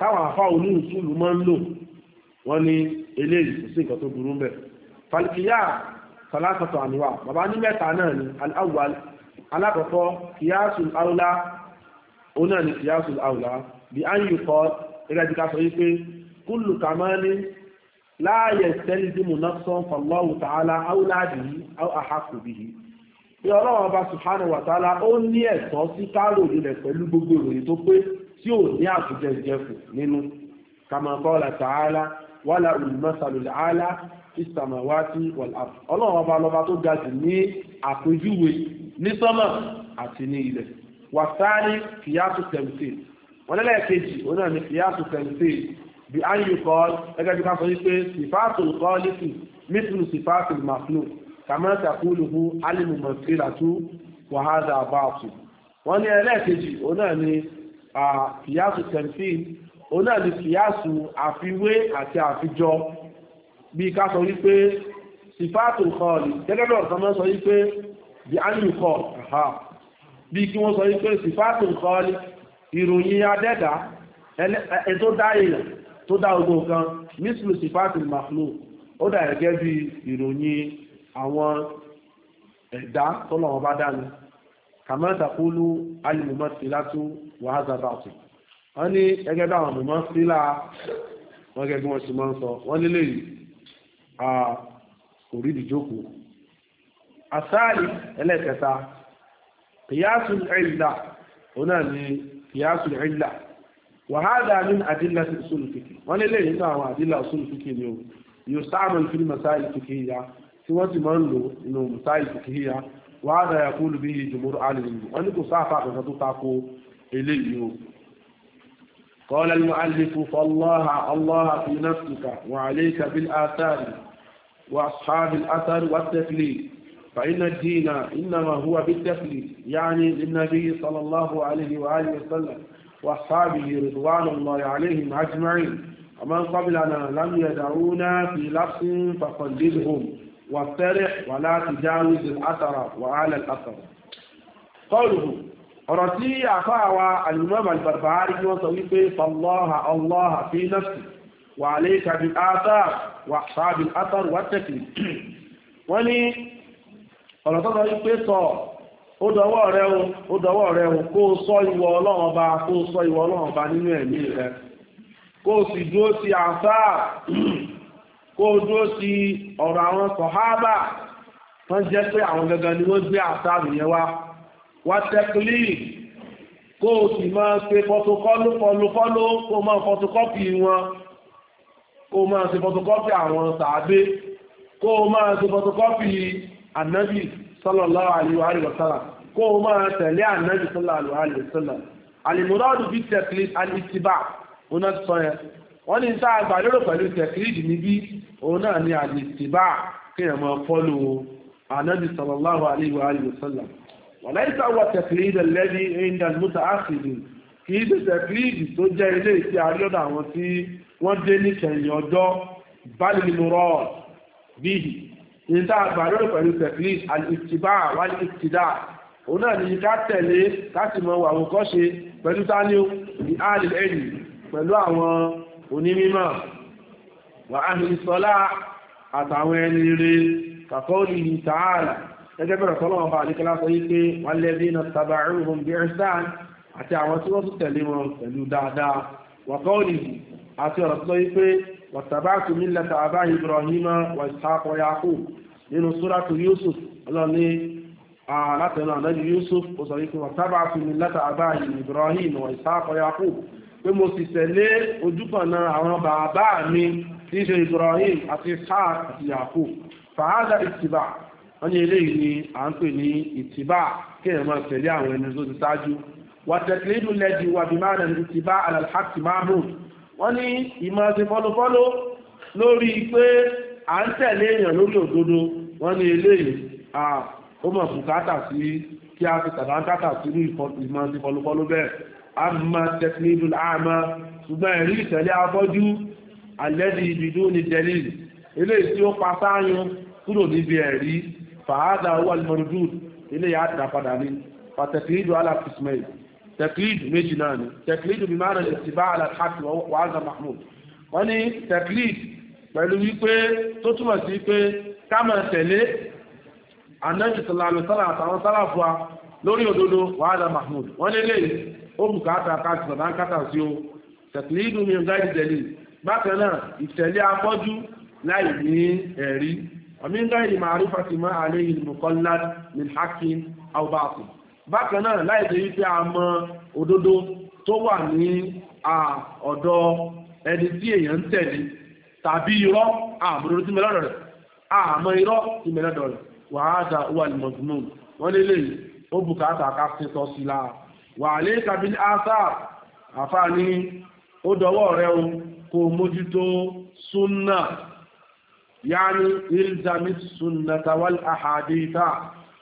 táwọn àfá olú ìsúlù mọ́ ń lò wọ́n ní eléyìí kò sí nǹkan tó burú mẹ́ falkiyà salasatọ̀ àníwá bàbá ní mẹ́ta náà ni al alákọ̀ọ́kọ́ kìyàtò àwùlá òun ni kìyàtò àwùlá bí á ń kọ́ ẹgbẹ́ ti sọ yí pé kúlù kàmáà láàyè sẹ́lìdìmù nafsan fallahu ta'ala awladihi aw ahaqqu bihi pé ọlọ́run ọba subhanahu wa ta'ala ó ní ẹ̀tọ́ sí káàlò rẹ̀ pẹ̀lú gbogbo ìròyìn tó pé tí ò ní àtúnjẹ ìjẹkù nínú kama qala ta'ala wala al-masalul a'la fis samawati wal ard ọlọ́run ọba lọ́ba tó bí a ń yí kọ́ ẹgẹ́ bí ká sọ wípé sìfáàtù kọ́ lẹ́sì mítùlù sìfáàtù màfúlù kàmọ́ sàkúlùkù alìmùmọ̀ sílàtú wàhálà àbáàtù wọ́n ní ẹlẹ́ẹ̀kejì òun náà ni fìyàsù tẹ̀mfíìn òun náà ni fìyàsù àfiwé àti àfijọ bí ká sọ wípé sìfáàtù kọ́ lì gẹ́gẹ́ bí ọ̀sán mọ́ sọ wípé bí a ń yí kọ́ bí kí wọ́n sọ wípé sìfáàtù kọ́ lì ìròyìn adẹ́dà ẹ̀ tó dá èèyàn tó dá ogbó kan mislu sifatil makhluq ó dà gẹ́gẹ́ bí ìròyìn àwọn ẹ̀dá tọ́lọ́wọ́n bá dání kama taqulu al-mumathilatu wa hadha batil wọ́n ní ẹgẹ́ bá àwọn mọ̀mọ́ sílá wọ́n gẹ́gẹ́ bí wọ́n ṣe máa ń sọ wọ́n nílé yìí kò rí ìdíjókòó asáàlì ẹlẹ́kẹta kìyàsùn ẹ̀yìnlá òun náà ni kìyàsùn ẹ̀yìnlá وهذا من أدلة أصول الفقه وأنا لا إنه هو أدلة أصول الفقه اليوم يستعمل في المسائل الفقهية في وقت ما إنه مسائل فقهية وهذا يقول به جمهور أهل العلم وأنا كنت ساعة تقول إليه قال المؤلف فالله الله في نفسك وعليك بالآثار وأصحاب الأثر والتكليف فإن الدين إنما هو بالتكليف يعني للنبي صلى الله عليه وآله وسلم وأصحابه رضوان الله عليهم أجمعين ومن قبلنا لم يدعونا في لفظ فقلدهم وافترح ولا تجاوز الأثر وعلى الأثر قوله ọ̀rọ̀tí àfáàwà alìmọ́mà albarbari kí wọ́n sọ wípé fàllọ́ha allaha fi nafsi wà lè kàbí àtàr wà sàbí àtàr wà tẹ́kì wọ́n ni ọ̀rọ̀tọ́ta wípé sọ ó dọwọ́ rẹ o ó dọwọ́ rẹ o kó o sọ ìwọ ọlọ́run ọba kó o sọ ìwọ ọlọ́run ọba nínú ẹ̀mí rẹ kó o sì dúró sí àṣà kó o dúró sí ọ̀rọ̀ àwọn sọ̀hábà wọ́n jẹ́ pé àwọn gangan ni wọ́n gbé àṣà yẹn wá wá tẹ́kílì kó o sì máa ṣe fọtokọ́lù fọlùfọ́lù kó o máa fọtokọ́pì wọn kó o máa ṣe fọtokọ́pì àwọn sàábé kó o máa ṣe fọtokọ́pì ànábì sallallahu alaihi wa sallam kó o máa tẹ̀lé ànábì sallallahu alaihi wa sallam àlìmúrádù bí tẹ̀klid alìtìbà òun náà sọ yẹn wọ́n ní sáà gbà lérò pẹ̀lú tẹ̀klid níbí òun náà ní alìtìbà kéèyàn máa fọ́lù ànábì sallallahu alaihi wa sallam wàláìsà wà tẹ̀klid alladhi inda al-muta'akhirin kì í ṣe tẹ̀klid tó jẹ́ ilé ìṣe àríọ̀dà àwọn tí wọ́n dé níkẹyìn ọjọ́ bal al ìta àgbàlórí pẹ̀lú tẹ̀lé àìsìbá wálé ìtìdá òun náà ni ká tẹ̀lé láti mọ àwọn kọ́ṣe pẹ̀lú tání ní àlè ẹ̀yìn pẹ̀lú àwọn onímímọ̀ wà á ní sọlá àtàwọn ẹni rere kàkọ́ ní ìtààlà gẹ́gẹ́ bẹ̀rẹ̀ sọ́lọ́ wọn bá àdékọ́lá wàtàbáàtù mílẹ̀tà àbá ibrahima wà ìsáàkọ̀ yaakú nínú súrátù yusuf ọlọ́ni látẹnu ànájú yusuf ó sọ wípé wàtàbáàtù mílẹ̀tà àbá ibrahima wà ìsáàkọ̀ yaakú pé mo sì tẹ̀lé ojúkànnà àwọn bàbá mi tí í ṣe ibrahim àti sáà àti yaakú fàádà ìtìbà wọ́n ní eléyìí ni à ń pè ní ìtìbà kí èèyàn máa tẹ̀lé àwọn ẹni tó ti ṣáájú wàtẹ̀tẹ̀lé ìdúlẹ̀dì wàbí máa nà ní ìtìbà alàlhàkì máa bùn wọ́n ní ìmọ̀ ti fọ́lọ́fọ́lọ́ lórí pé à ń tẹ̀lé èèyàn lórí òdodo wọ́n ní eléyìí à ó mọ̀ bùkátà sí kí a fi tàbátàtà sínú ìmọ̀ ti fọ́lọ́fọ́lọ́ bẹ́ẹ̀ a máa tẹ̀lé ìlú àmọ́ ṣùgbọ́n ẹ̀rí ìtẹ̀lé afọ́jú alẹ́dì ibìdó ni tẹ̀lé eléyìí tí ó pa sáyún kúrò níbi ẹ̀rí fàádà owó alimọ̀dúdú eléyìí á dà padà ní pàtẹ́kì ìlú alákùsùmẹ́yìí tẹ̀klídù méjì náà ni tẹ̀klídù bí máa rẹ̀ sí bá aláàkì wàhálà mahmud wọ́n ní tẹ̀klídù pẹ̀lú wípé tó túmọ̀ sí pé kámọ̀ tẹ̀lé anábì sọ̀làmì sọ́là àtàwọn sálàfà lórí òdodo wàhálà mahmud wọ́n ní léyìí ó bùkátà káàkiri sọ̀dá ń kátà sí o tẹ̀klídù mi ń gá ìtẹ̀lé bákan náà ìtẹ̀lé afọ́jú láì ní ẹ̀rí àmì ń gá ìmọ̀ àrífàtìmọ́ àlẹ́ ìlú kọ́lá min hakin aw baatil bákan náà láìsí wípé a mọ òdodo tó wà ní ọ̀dọ̀ ẹni tí èèyàn ń tẹ̀lé tàbí irọ́ àmúdodo tí mẹ́lọ́dọ̀ rẹ̀ àmọ́ irọ́ tí mẹ́lọ́dọ̀ rẹ̀ wàhádà wà ní mọ̀gbọ́n wọ́n lé lèyìn ó bùkátà ká sí sọ sí la wà lé kabil asar àfáàní ó dọwọ́ rẹ̀ o kò mójútó súnà yáni ilzamit sunnata wal ahadita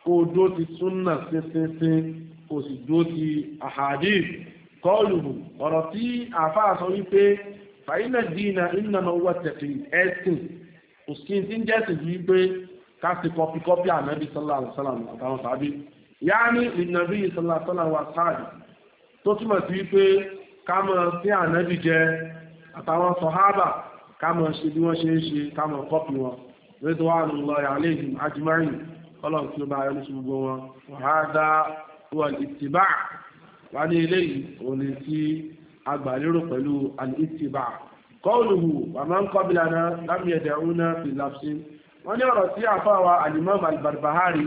kó o dúró ti súnà ṣinṣinṣin kó o sì dúró ti àhàdìf kọlùmù ọ̀rọ̀ tí àáfàá sọ wípé fàyínà dínà ìnànà owó tẹ̀sí ẹ̀sìn òsìn tí ń jẹ́sìn yìí pé ká sì kọpí kọpí ànábì sallallahu alaihi wasallam àtàwọn sàbí yá ní ìnàbí sallallahu alaihi wasallam wa sáàdì tó túmọ̀ sí wípé ká mọ̀ sí ànábì jẹ àtàwọn sọ̀hábà ká mọ̀ ṣe bí wọ́n ṣe ń ṣe ká mọ̀ kọpí wọn ridwanullahi alaihim ajma'in ọlọ́run tí ó bá yọlé sí gbogbo wọn wàhádá wà ìtìbà wà ní eléyìí òní tí agbàlérò pẹ̀lú àlìtìbà kọ́ọ̀lùhù wàmọ́ ń kọ́bìlà náà lámì ẹ̀dẹ̀ ọ̀nà fìlàpsì wọ́n ní ọ̀rọ̀ tí àfáwà alimam albarbahari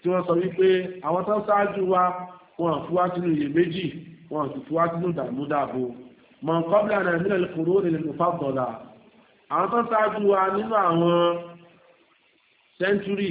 tí wọ́n sọ wípé àwọn tó ṣáájú wa wọn fúwá sínú iyèméjì wọn sì fúwá sínú dààmú dààbò mọ̀ ń kọ́bìlà náà mílẹ̀ lùkùrú nílẹ̀ lùfà bọ̀dà àwọn tó ṣáájú wa nínú àwọn sẹ́ńtúrì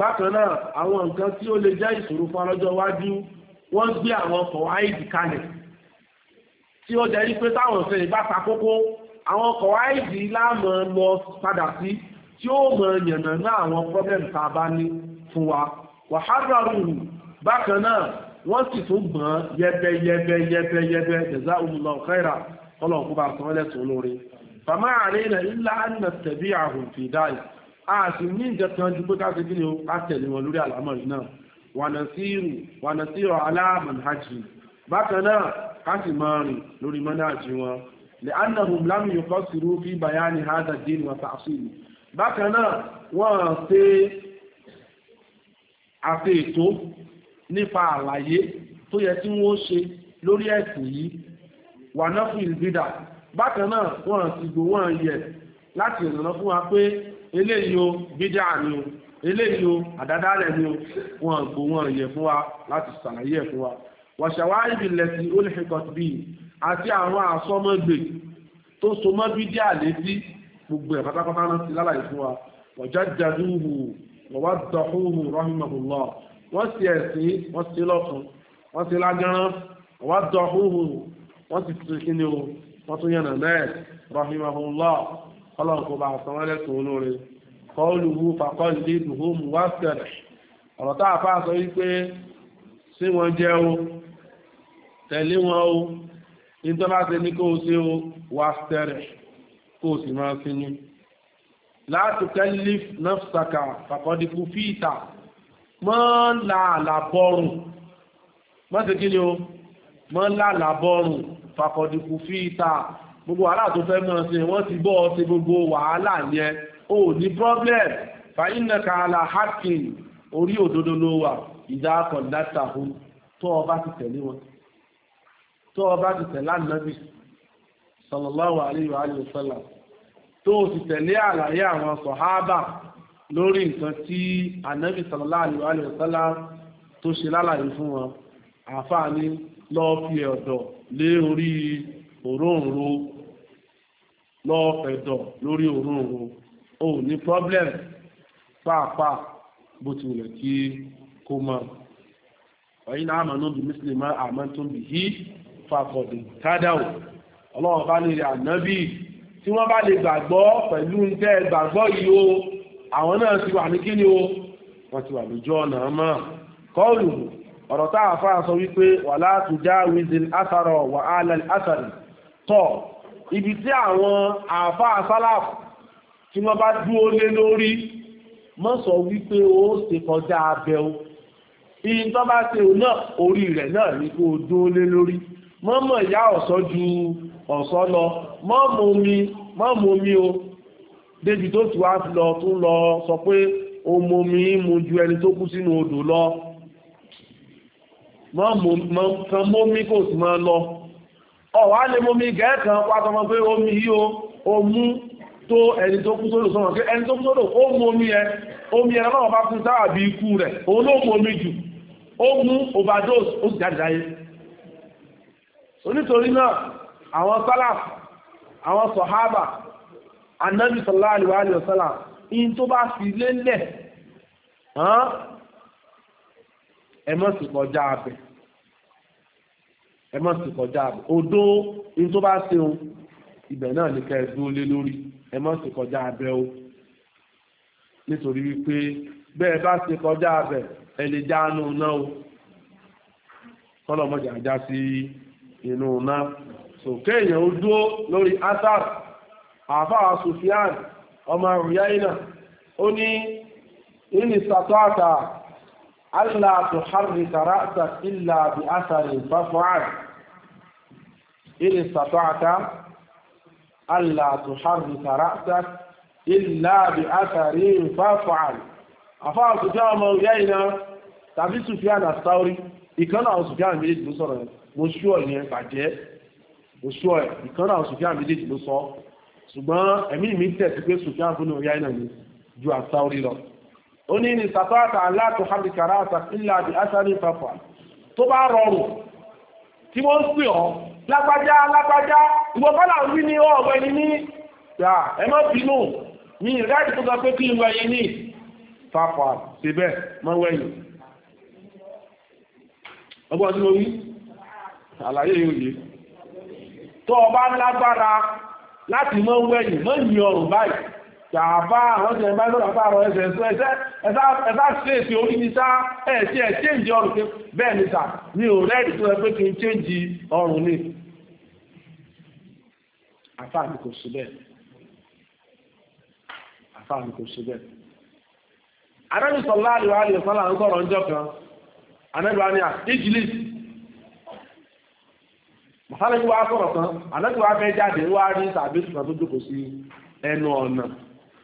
bákan náà àwọn nǹkan tí ó lè jẹ́ ìṣòro fún ọlọ́jọ́ iwájú wọ́n gbé àwọn ọkọ̀ áìdì kalẹ̀ tí ó jẹ́ pé táwọn ọ̀sẹ̀ ìbá ta kókó àwọn ọkọ̀ áìdì láàmọ́ lọ padà sí tí ó mọ̀ yànnà náà àwọn problem tá a bá ní fún wa wàhálà rúurú bákan náà wọ́n sì tún gbọ́n yẹbẹyẹbẹyẹbẹyẹbẹ jẹ̀zá olùlọ kẹ́ra ọlọ́ọ̀kú bá sọ ẹlẹ́sùn fàmáà rẹ̀ a sì ní ìjọkan ju pé káṣe gíní o ká tẹ̀lé wọn lórí àlámọ̀rí náà wànà síìrù wànà síìrù aláàmàn hajji bákan náà ká sì máa rìn lórí mọ́náàjì wọn lè annahum lámì yọkọ́ sírú fi bayani hada dín wọn tàṣírí bákan náà wọ́n ṣe àṣẹ ètò nípa àlàyé tó yẹ tí wọ́n ṣe lórí ẹ̀sìn yìí wànà fún ìlbídà bákan náà wọ́n sì gbowó yẹ láti ìrànlọ́ fún wa pé eléyìí o bídíà ni o eléyìí o àdádálẹ̀ ni o wọn gbò wọn yẹ fún wa láti ṣàlàyé ẹ̀ fún wa wàṣàwá ìbílẹ̀tì olùfikọ̀tì bíi àti àwọn àsọmọgbè tó so mọ́ bídíà létí gbogbo ẹ̀ pátápátá náà ti lálàyé fún wa wọ̀já jàdúhù wọ̀wá dọ̀húhù rahimahullah wọ́n sì ẹ̀sìn wọ́n sì lọ́kùn wọ́n sì lágánrán wọ́n dọ̀húhù wọ́n sì tún kí ni o wọ́n tún yànnà náà rahimahullah ọlọ́run kò bá wọn sọ wọ́n lẹ́sùn olóore kọ́ọ̀lùwù fàkọ́ọ̀lì dùhùm wáṣẹ̀rẹ̀ ọ̀rọ̀ tá a fà sọ wípé sí wọn jẹ́ o tẹ̀lé wọn o nítorí bá ṣe ní kó o ṣe o wáṣẹ̀rẹ̀ kó o sì máa sinmi láti tẹ́lif nọ́fṣàkà fàkọ́dìkù fíìtà mọ́ làlàbọ̀rùn mọ́ sí kí ni o mọ́ làlàbọ̀rùn fàkọ́dìkù fíìtà gbogbo wàhálà tó fẹ́ mọ́ sí wọ́n ti bọ́ ọtí gbogbo wàhálà yẹn o ní problem fàyínà kààlà hakin orí òdodo ló wà ìdáàkọ̀ dáta hun tó ọba ti tẹ̀lé wọn tó ọba ti tẹ̀lé ànábì sallallahu alayhi wa sallam tó o sì tẹ̀lé àlàyé àwọn sọ̀háàbà lórí nǹkan tí ànábì sallallahu alayhi wa sallam tó ṣe lálàyé fún wọn àǹfààní lọ́ọ́ fi ọ̀dọ̀ lé orí òróǹro lọ fẹ̀dọ̀ lórí òórùn òun ò ní problem pàápàá bó ti wùlẹ̀ kí kó mọ̀ ọ̀yìn náà àmọ́ bí mùsùlùmí àmọ́ tó ń bì í fàkọ̀dé tádàwò ọlọ́run bá ní ilẹ̀ ànábì tí wọ́n bá lè gbàgbọ́ pẹ̀lú ń tẹ́ gbàgbọ́ yìí o àwọn náà ti wà ní kíni o wọ́n ti wà lójú ọ̀nà mọ́ kọ́ọ̀lù ọ̀rọ̀ táà fáà sọ wípé wà látújá wizil asarọ̀ wà álẹ̀ asàrì tọ́ ibi tí àwọn àfáà sálàf tí wọ́n bá dúó lé lórí mọ́ sọ wípé ó ṣe kọjá abẹ́ o iye tó bá ṣe náà orí rẹ̀ náà ní kó dúó lé lórí mọ́mọ̀ ìyá ọ̀sọ́ ju ọ̀sọ́ lọ mọ́mọ̀ omi mọ́mọ̀ omi o débi tó ti wá lọ tún lọ sọ pé omomi mu ju ẹni tó kú sínú odò lọ mọ́mọ̀ kan mọ́mí kò sì máa lọ ọ̀wá lè mú mi gẹ́ẹ̀kan pàtàkì pé omi yíò omú tó ẹni tó kú sódò sọ́nà pé ẹni tó kú sódò ó mú omi ẹ omi ẹ lọ́wọ́ bá fún sáà bí ikú rẹ̀ òun ló mú omi jù ó mú overdose ó sì jáde láyé onítorí náà àwọn sálàf àwọn sọ̀hábà anábì sallallahu alaihi wa sallam in tó bá fi lélẹ̀ ẹ̀mọ́sì kọjá abẹ́ ẹ má sì kọjá ààbò odó ní tó bá ṣeun ibẹ̀ náà ní kẹ́ ẹ dúró lé lórí ẹ má sì kọjá abẹ́ o nítorí wípé bẹ́ẹ̀ bá ṣe kọjá abẹ́ ẹ lè já inú iná o kọ́lọ̀mọ́jà já sí inú iná so kéèyàn ó dúró lórí asar àfáà Sufyan ọmọ Uyayna ó ní ìní sàtọ́àtà allah tuharrika ra'sak illa bi asarin fafa'al إن استطعت ألا تحرك رأسك إلا بأثر فافعل أفعل سفيان مولانا tàbí Sufyan Asauri ìkánná àwọn Sufyan méjèèjì ló sọ̀rọ̀ mo ṣú ọ̀ yẹn bàjẹ́ mo ṣú ọ̀ ìkánná àwọn Sufyan méjèèjì ló sọ ṣùgbọ́n ẹ̀mí mi tẹ̀sí pé Sufyan fún òyà iná ni ju Asauri lọ. ó ní ní sàtọ́àtà aláàtò hàbìkàrà àtàkìlà àti àṣàrí pàpà tó bá rọrùn tí wọ́n ń pè ọ́ lágbájá lágbájá ìgbọ̀kọ́là ń rí ní ọ̀rọ̀ ẹni ní yà ẹ má bínú mi ìrẹ́dì tó sọ pé kí n wọ ẹyin ní fàfà síbẹ̀ mọ́ wẹ̀yìn ọgbọ́n tí mo wí àlàyé yóòye tó o bá lágbára láti mọ́ wẹ̀yìn mọ́ yìn ọrùn báyìí yàbá àwọn ọ̀sẹ̀ ìgbà ìgbà ìgbà àwọn ẹsẹ̀ ẹsẹ̀ ẹsẹ̀ ṣèṣì orí ní sá ẹ̀sẹ̀ ẹ̀sẹ̀ ìjì ọrùn pé bẹ́ẹ̀ ni sà ní òrẹ́ ìdí tó ẹ pé kí n chéǹjì ọrùn ni. àfáàmì kò sí bẹ́ẹ̀ àfáàmì kò sí bẹ́ẹ̀. anábì sọ̀lá àlùwà àlùwà sọ̀lá ń sọ̀rọ̀ ọjọ́ kan anábì wa ní à ìjìlì. màsálẹ́bí kan anábì fẹ́ jáde wá rí tàbí ẹnu ọ̀nà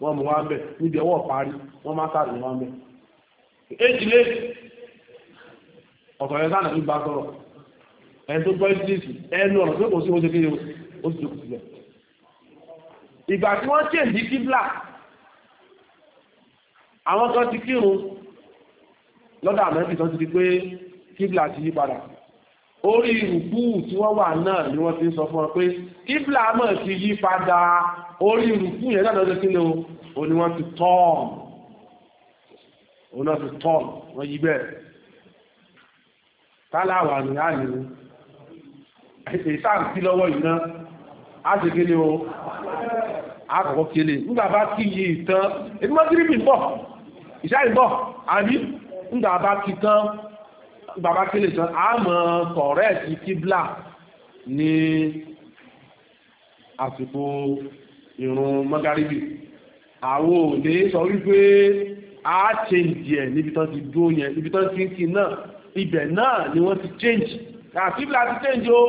wọ́n mú wọn bẹ̀ níbi ọwọ́ parí wọ́n má sáré wọn bẹ̀. èjì lé ọ̀sán yẹn sáà nígbà sọ̀rọ̀ ẹni tó gbọ́ ìdílésì ẹnu ọ̀rọ̀ tó kò sí oṣù kéde oṣù tó kù sílẹ̀. ìgbà tí wọ́n ṣe ní kíbla àwọn kan ti kírun lọ́dọ̀ àmẹ́sì kan ti di pé kíbla ti yí padà orí ìrùkú tí wọ́n wà náà ni wọ́n ti sọ fún ọ pé kíbla mọ̀ ti yí padà orí ìrùkú yẹn dáadáa ọjọ́ kí ni o ò ní wọ́n ti tọ́ọ̀m òun náà ti tọ́ọ̀m wọ́n yí bẹ́ẹ̀ táláwà ní àyíwú ẹ̀sẹ̀ ìsáàkí lọ́wọ́ ìná á ti kí ni o àkọ́kọ́ kele nígbà bá kí yí ìtàn ìdímọ́gírìbì ń bọ̀ ìṣá ìbọ̀ àbí nígbà bá kí tán nígbà bá kele tán á mọ̀ kọ̀rẹ́ẹ̀tì kíblà ní àsìkò ìrun mọ́gáríbì àwọn òde sọ wípé a change ẹ̀ níbi tán ti dúró yẹn níbi tán ti ń kí náà ibẹ̀ náà ni wọ́n ti change àti bí láti change o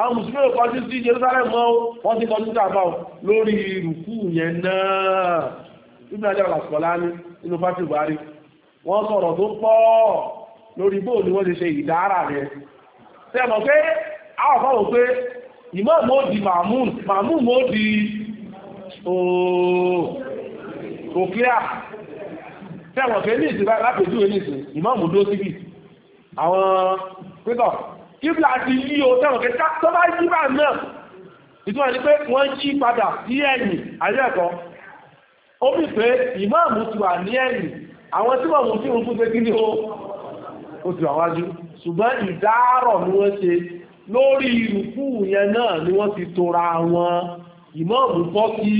àwọn mùsùlùmí ò kọjú sí Jerusalem mọ́ o wọ́n ti kọjú dàbà o lórí ìrùkú yẹn náà nígbà tí àwọn àsìkò láàánú nínú fásitì buhari wọ́n sọ̀rọ̀ tó pọ̀ lórí bóò ni wọ́n ti ṣe ìdára rẹ̀ tẹ́ mọ̀ pé àwọn fọ́wọ́ pé ìmọ̀ mọ́ di màmúùn màmúùn mọ́ di ooo kò kíá tẹ́wọ̀n pé ní ìsìnká lápèjú ní ìsìn ìmọ̀mù dó síbì àwọn pẹ́tọ̀ kíbla ti yí o tẹ́wọ̀n pé tó bá yí bá náà ìtumọ̀ ni pé wọ́n yí padà sí ẹ̀yìn àyẹ́ẹ̀kọ́ ó bì pé ìmọ̀mù ti wà ní ẹ̀yìn àwọn tí mọ̀mù tí wọ́n fún pé kí ni ó ó ti wà wájú ṣùgbọ́n ìdárọ̀ ni wọ́n ṣe lórí ìrùkú yẹn náà ni wọ́n ti tora wọn ìmọ̀ọ̀mù fọ́ kí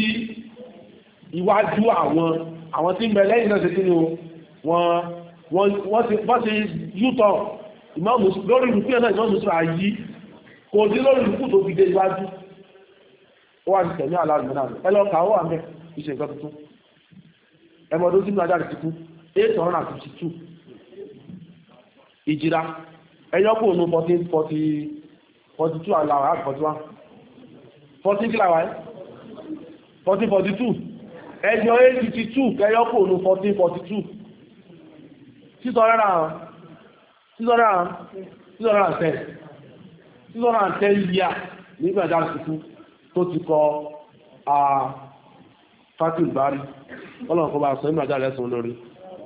iwájú àwọn àwọn tí ń bẹ lẹ́yìn náà ṣe kí ni wọ́n ṣe yútọ̀ ìmọ̀ọ̀mù lórí ìrùkú náà ìmọ̀ọ̀mù sọ àyí kò sí lórí ìrùkú tó fi dé iwájú ó wà ní tẹ̀lé aláàrùn náà ẹ lọ kà ó wà mẹ́ ìṣe nǹkan tuntun ẹmọ ọdún tí mo ajáde ti kú eight hundred and fifty two ìjìra ẹyọkùnrin fourteen forty forty two and forty one fourteen kí làwọn fourteen forty two ẹjọ́ eight fifty two kẹyọ́ kò nu fourteen forty two six hundred and six hundred and six hundred and ten six hundred and ten yíyà nígbà ìjà tuntun tó ti kọ fatil bari ọlọ́run kó bá sọ nígbà ìjà lẹ́sùn lórí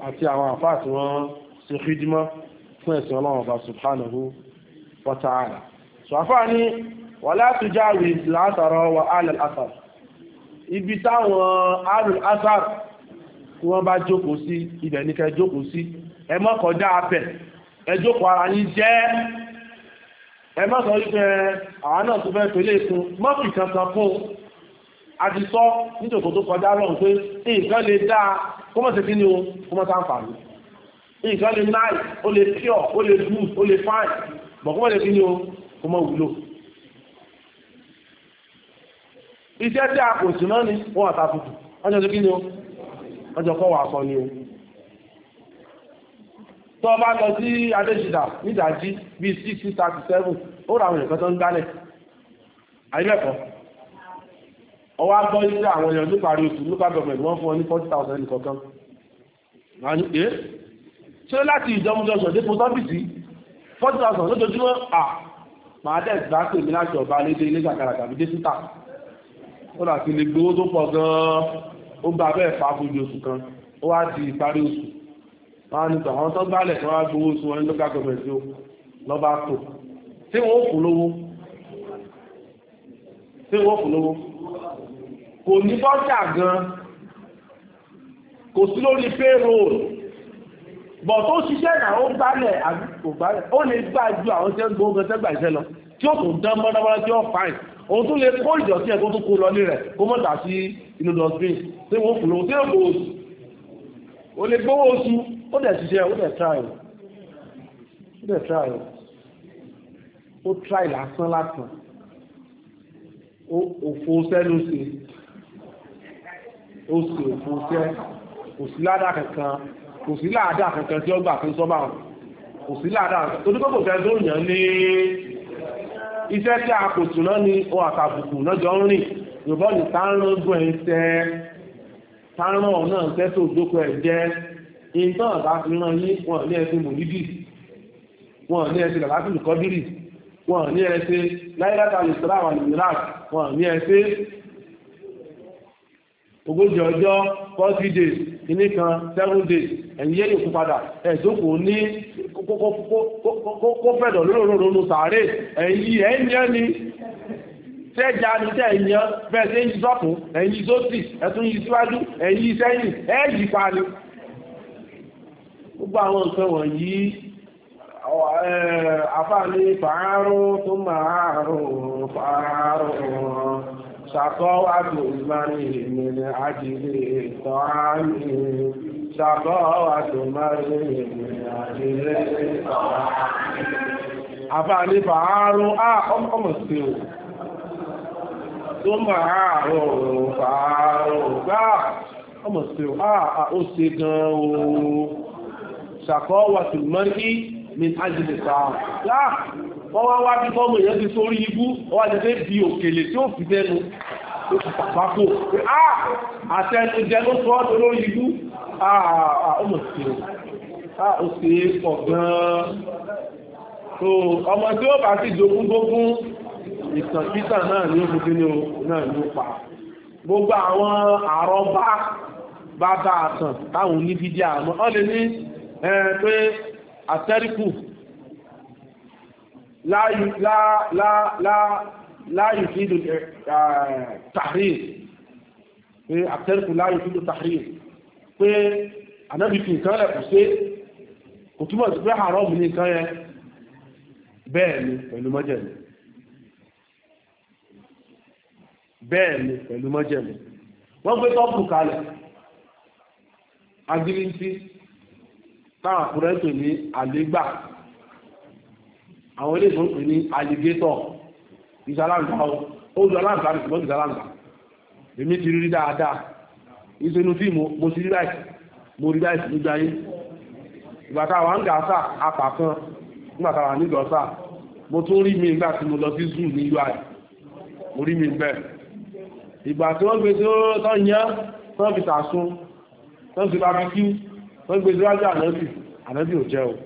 àti àwọn àfáà tí wọ́n ṣe fídímọ́ fún ẹ̀sìn ọlọ́run ọba subhanahu wa ta'ala so àfáà ní wà láti jáwé látàrọ wà alẹ́ asar ibi táwọn alẹ́ asar tí wọ́n bá jókòó sí ibẹ̀ ní kẹ́ jókòó sí ẹ má kọjá apẹ̀ ẹ jókòó ara yín jẹ́ ẹ má sọ wípé àwọn náà tó fẹ́ pẹ̀lẹ́ ìkun mọ́fì kankan fún àti sọ nítòkò tó kọjá lọ́n pé nǹkan lè dáa kó mọ̀ sí kí ni o kó mọ̀ sáǹfààní nǹkan lè náì ó lè pure ó lè good ó lè fine bọ̀kúmọ̀ lè kí ni o kó mọ̀ wúlò iṣẹ́ tí a kò sí náà ni wọ́n àtàkùtù ọjọ́ tó kí ni ó ọjọ́ kọ́ wà sọ ni ó tó bá lọ sí adéṣìdà nídàájí bí 637 ó ra àwọn ìkan tó ń gbálẹ̀ àìlẹ́kọ̀ọ́ ọwá gbọ́ ilé àwọn èèyàn ní parí oṣù local government wọ́n fún ọ ní 40,000 nìkọ̀ọ̀kan wọ́n láti lè gbowó tó pọ̀ gan-an ó gba bẹ́ẹ̀ pa fún oṣù kan ó wá di ìparí oṣù wọ́n á ní tọ̀ àwọn tó gbálẹ̀ tó wá gbowó oṣù wọn ní lọ́gà gọ̀mẹ̀ntì ó lọ́ba tó tí wọ́n kù lówó tí wọ́n kù lówó kò ní bọ́jà gan kò sí lórí payroll bọ̀ tó ṣiṣẹ́ náà ó gbálẹ̀ àbí kò gbálẹ̀ ó lè gbà ju àwọn tí wọ́n gbowó gan tẹ́gbà iṣẹ́ lọ tí ó tún dán mọ́dámọ́dá tí ó fàìn òun tún lè kó ìdọ̀tí ẹ̀kọ́ tó kó lọlé rẹ̀ kó mọ́ dà sí inú dustbin tí wọ́n fún lóun tí ó gbó oṣù ó lè gbówó oṣù ó dẹ̀ ṣiṣẹ́ ó dẹ̀ try ó dẹ̀ try ó try lásán lásán òfò sẹ́nu sí ó sì òfò sẹ́ kò sí ládà kankan kò sí ládà kankan tí ó gbà fún sọ́bà kò sí ládà kankan tó ní kókò fẹ́ tó yàn ní iṣẹ́ tí a kò sùn náà ni o àkàbùkù lọ́jọ́ ń rìn yorùbá ní tààrùn ogun ẹ̀ ń tẹ́ tààrùn ọ̀hún náà ń tẹ́ tó dókò ẹ̀ jẹ́ ìtàn àbá fi ràn yín wọn ní ẹsẹ̀ mòlídì wọn ní ẹsẹ̀ làbátìlù kọ́dírì wọn ní ẹsẹ̀ láyéláta lè sọ́ra àwọn mìíràn wọn ní ẹsẹ̀ ogójì ọjọ́ forty days kìíní kan seven days ẹ̀yìn yẹ́yìn kú padà ẹ̀dókòó ní kó fẹ̀dọ̀ lóróróró sàárè ẹ̀yìn ẹ̀yìn ni tẹ́jà ní tẹ́yìn bẹ́ẹ̀ sí yí sọ́tún ẹ̀yìn sósì ẹ̀tún yí síwájú ẹ̀yìn sẹ́yìn ẹ̀yì pa ni gbogbo àwọn nǹkan wọ̀nyí àfáà ní pàárọ̀ tó máa rò pàárọ̀ شقوة مريم من أجل الطعام شقوة مريم من أجل الطعام àbáàlé fàárún ọmọ sí o tó máa rọrùn fàárún gbá ọmọ sí o àà ó ṣe gan o ṣàkọ́ wà tùmọ́ wọ́n wá wá bí fọ́mù èèyàn ti sórí ibú wọ́n wá ti fẹ́ bí òkèlè tí ó fi tẹnu ó ti pàpákò pé á àtẹnu jẹ ló sọ ọ́dọ̀ lórí ibú ọmọ sí o á ó sì pọ̀ gan-an so ọmọ tí ó bá sì jogún gbógún ìtàn títà náà ní ó fi náà ní ó pa gbogbo àwọn àrọ́bá bá bá àtàn táwọn oníbídíà àmọ́ ọ́ lè ní láàyè fídù eh, tahrir pé àtẹ́rùkù láàyè fídù tahrir pé ànábì fi nǹkan rẹ̀ kò sí kò túmọ̀ sí pé haram ní nǹkan yẹn bẹ́ẹ̀ ni pẹ̀lú mọ́jẹ̀mú bẹ́ẹ̀ ni pẹ̀lú mọ́jẹ̀mú wọ́n gbé tọ́pù kalẹ̀ agirinti táwọn tò ní àlégbà àwọn olóògbé ń pè ní alligator ìsàlàǹgbà ó ju aláǹgbà ní ṣùgbọ́n ìsàlàǹgbà èmi ti rí dáadáa ìṣẹ́nu fíìmù mo ti rí láìsí mo rí láìsí lójú ayé ìgbàta wà ń gà sáà apà kan nígbàta wà nígbà sáà mo tún rí mi ìgbà tí mo lọ sí zoo ní ui mo rí mi bẹ́ẹ̀ ìgbà tí wọ́n gbé tí ó tán yán tán fi tàṣún tán fi barbecue tán gbé tí wájú ànábì ànábì ò jẹ́ o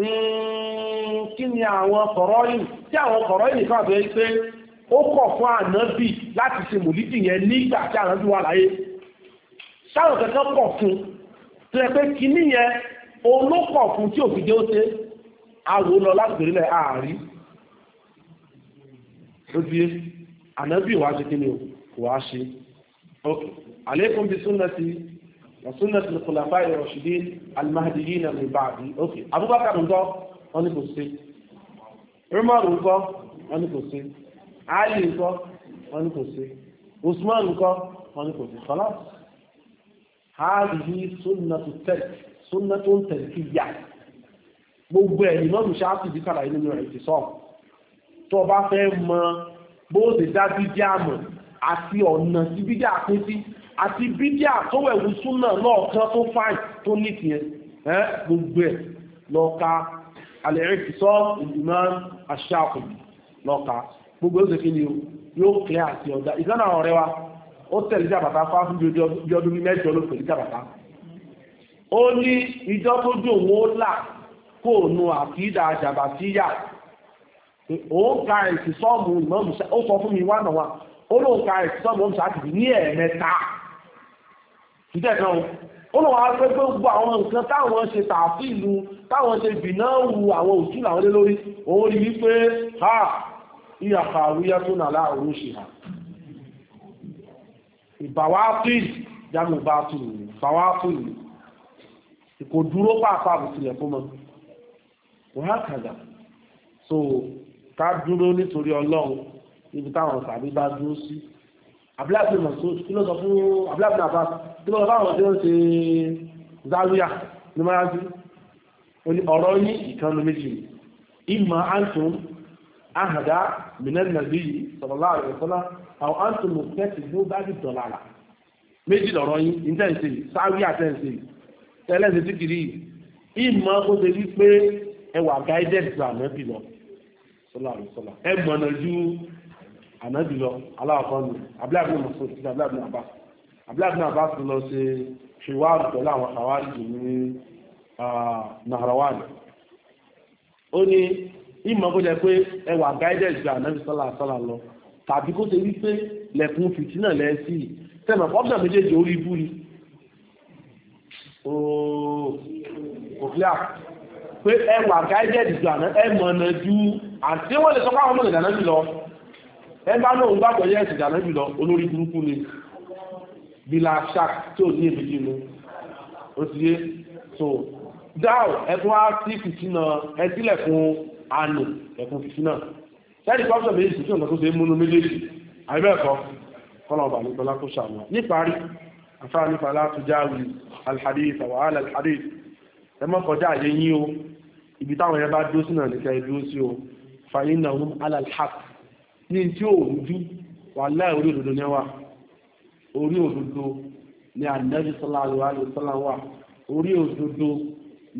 Hmm, kí ni àwọn kọ̀rọ̀ yìí tí àwọn kọ̀rọ̀ yìí nìkan àbẹ̀ pé ó kọ̀ fún ànábì láti ṣe mòlídì yẹn nígbà tí ànábì wà láyé sáwọn kankan kọ̀ fún tó yẹ pé kíní yẹn olókọ̀ fún tí òfin dé ó ṣe àwò lọ lágbèrè ààrí ló bí ànábì wá ṣe kíní o wá ṣe ok àlékún bí súnmọ́ sí وسنة الخلفاء الراشدين المهديين من بعدي اوكي ابو بكر ńkọ́ wọ́n ní kò sí umar ńkọ́ wọ́n ní kò sí ali ńkọ́ wọ́n ní kò sí usman ńkọ́ wọ́n ní kò sí خلاص هذه سنة الترك سنة تركية gbogbo ẹ̀ ìmọ̀ ìṣe àtìdí kàlà nínú rẹ̀ ti sọ tó bá fẹ́ mọ bó ṣe dá bíjà mọ̀ àti ọ̀nà tí bíjà pín sí àti bídíà tó wẹ̀wù náà kan tó fáìn tó ní tiẹ̀ gbogbo ẹ̀ ìdùnnà gbogbo ó yóò kílẹ̀ àti ọ̀dà ọ̀rẹ́ wa ó tẹ̀lé jàbàtà fáfún bí ọdún mẹ́jọ ló pẹ̀lú jàbàtà ó ní ìjọ tó dùn wọn ó là kó nu àkídà jàbàtíyà ka ẹ̀sìn ìmọ̀ ó sọ fún mi ó lóun ka ẹ̀sìn ó ní ìdẹ́kan ó lọ wá pé gbogbo àwọn nǹkan táwọn ṣe tààfí ìlú táwọn ṣe bìnà wu àwọn òjú làwọn lé lórí òun rí wípé ha ìyàkà àrúyá tó nà láàrú ṣe hà ìbàwáfí jámù bá tùrù ìbàwáfí kò dúró pàápàá bùsùlẹ̀ fún mọ́ wọ́n á kàgà so ká dúró nítorí ọlọ́run níbi táwọn sàbí bá dúró sí abúláàbí mọ̀sùn kí ló sọ fún abúláàbí nàbá kí ló sọ fáwọn tí ó ń ṣe záríà ní mọ́rájú ọ̀rọ̀ yí ìkanu méjì ìmọ̀ antum ahàdá mìnẹ́nàbí sallallahu alaihi wasallam àwọn antum mọ̀sẹ́tì ló bá dì dọ̀làlà méjì lọ̀rọ̀ yí ìtẹ́ǹsì záríà tẹ́ǹsì tẹ́lẹ̀sì tí kìrì ìmọ̀ ó ṣe wí pé ẹwà guided gbà mẹ́bì lọ sallallahu alaihi ẹ ànábì lọ aláwọ̀kọ́ ni abúláàbí mọ̀sán sí abúláàbí àbá abúláàbí àbá ti lọ ṣe ṣèwádìí pẹ̀lú àwọn àwárí ní nàhàràwáàdì ó ní ìmọ̀ kó jẹ pé ẹwà guided ju ànábì sọ́là sọ́là lọ tàbí kó ṣe wípé lẹ̀kùn fìtínà lẹ́sí tẹ̀mọ̀ pọ́pùnà méjèèjì orí ibú ni òkúlẹ̀ pé ẹwà guided ju ànábì ẹ̀mọ̀nà ju àti wọ́n lè sọ pé àwọn ọmọ ìdáná jù lọ ẹgbá náà ń gbàgbọ́ yẹ́ ẹ̀sìn ìdánẹ́bì lọ olórí burúkú ni bílá shark tí ò ní èmi nínú ó ti yé so dáò ẹkún á sí fìtínà ẹtílẹ̀ fún àánú ẹkún fìtínà sẹ́ẹ̀dì pọ́pọ̀ méjì sí ọ̀nà tó ṣe é múnú méjèèjì àbẹ́ẹ̀kọ́ kọ́lọ̀ ọ̀bà ní gbọ́lá kó ṣàmù níparí afárá nípa látújáwì alhadith àwọn alhadith ẹ mọ́ kọjá àyè yín o ibi táwọn ẹ bá dúró sínú ẹ̀nìkẹ́ dúró sí o fàyín náà alhaq ní tí ó rújú wà láì orí òdòdó ní wà orí òdòdó ni ànábì sallallahu alaihi wasallam wà orí òdòdó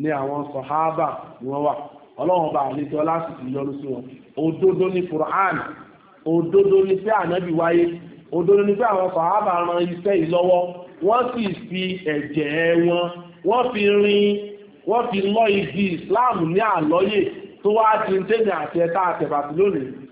ni àwọn sọ̀háábà ni wọ́n wà ọlọ́run bá àlejò láti fi yọrù sí wọn òdodo ni Qur'an òdodo ni pé ànábì wáyé òdodo ni pé àwọn sọ̀háábà ran iṣẹ́ yìí lọ́wọ́ wọ́n sì fi ẹ̀jẹ̀ wọn wọ́n fi rin wọ́n fi lọ́ igi Islam ní àlọ́yè tó wá di ń tẹ̀lé àti ẹ̀ta àtẹ̀bàtì lónìí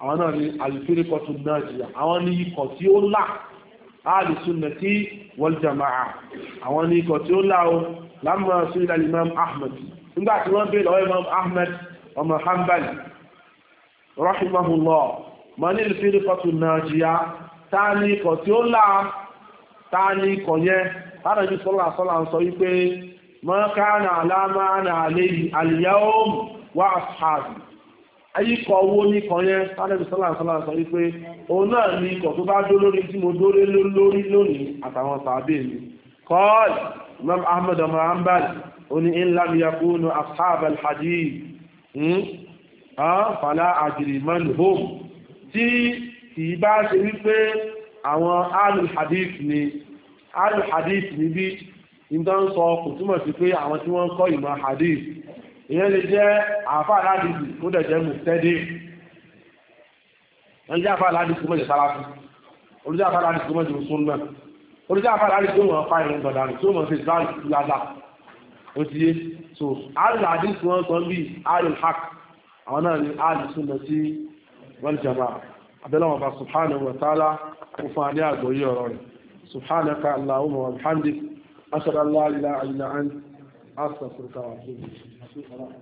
àwọn náà ni alifirikọtù náà jìyà àwọn ní ikọ̀ tí ó là alìsúnnàtí wal jama'a àwọn ní ikọ̀ tí ó là ó lámà sí ilẹ̀ imam ahmed nígbà tí wọ́n bèèrè lọ́wọ́ imam ahmed ọmọ hanbali rahimahullah ma ní alifirikọtù náà jìyà tá a ní ikọ̀ tí ó là tá a ní ikọ̀ yẹn lára ibi sọ́lá sọ́lá ń sọ wípé mọ́kánà alámà àlẹ́ àlìyáwó wa ashabi ayíkọ̀ owó ní kan yẹn sálẹ̀bí sọ́làsọ́là sọ wípé òun náà ni ikọ̀ tó bá dó lórí tí mo dó lórí lónìí àtàwọn sàábé mi kọ́ọ̀l imam ahmed ọmọ ambal oní ìlàmìyàkúnú ashabal hadith fàlá àjìrìmọ́n home tí kìí bá ṣe wípé àwọn alul hadith ni alul hadith kò túmọ̀ sí pé àwọn tí wọ́n kọ́ ìmọ̀ hadith ìyẹn lè jẹ́ àfáà aládìsí ó dẹ̀ jẹ́ mùsẹ́dé wọ́n jẹ́ àfáà aládìsí mọ́jẹ̀ sáláfí olùjẹ́ àfáà aládìsí mọ́jẹ̀ òsún náà olùjẹ́ àfáà aládìsí wọn fa ìrìn gbọ̀dà rẹ̀ tí ó mọ̀ sí islam lada ó ti yé so aládìsí wọn sọ bí alul haq àwọn náà ni alùsùn lọ sí wal jamaa abẹ́lẹ́wọ̀n bá subhanahu wa ta'ala kó fún adé àgbọ̀yé ọ̀rọ̀ rẹ̀ subhanaka wa bihamdik ashhadu an la ilaha 好了。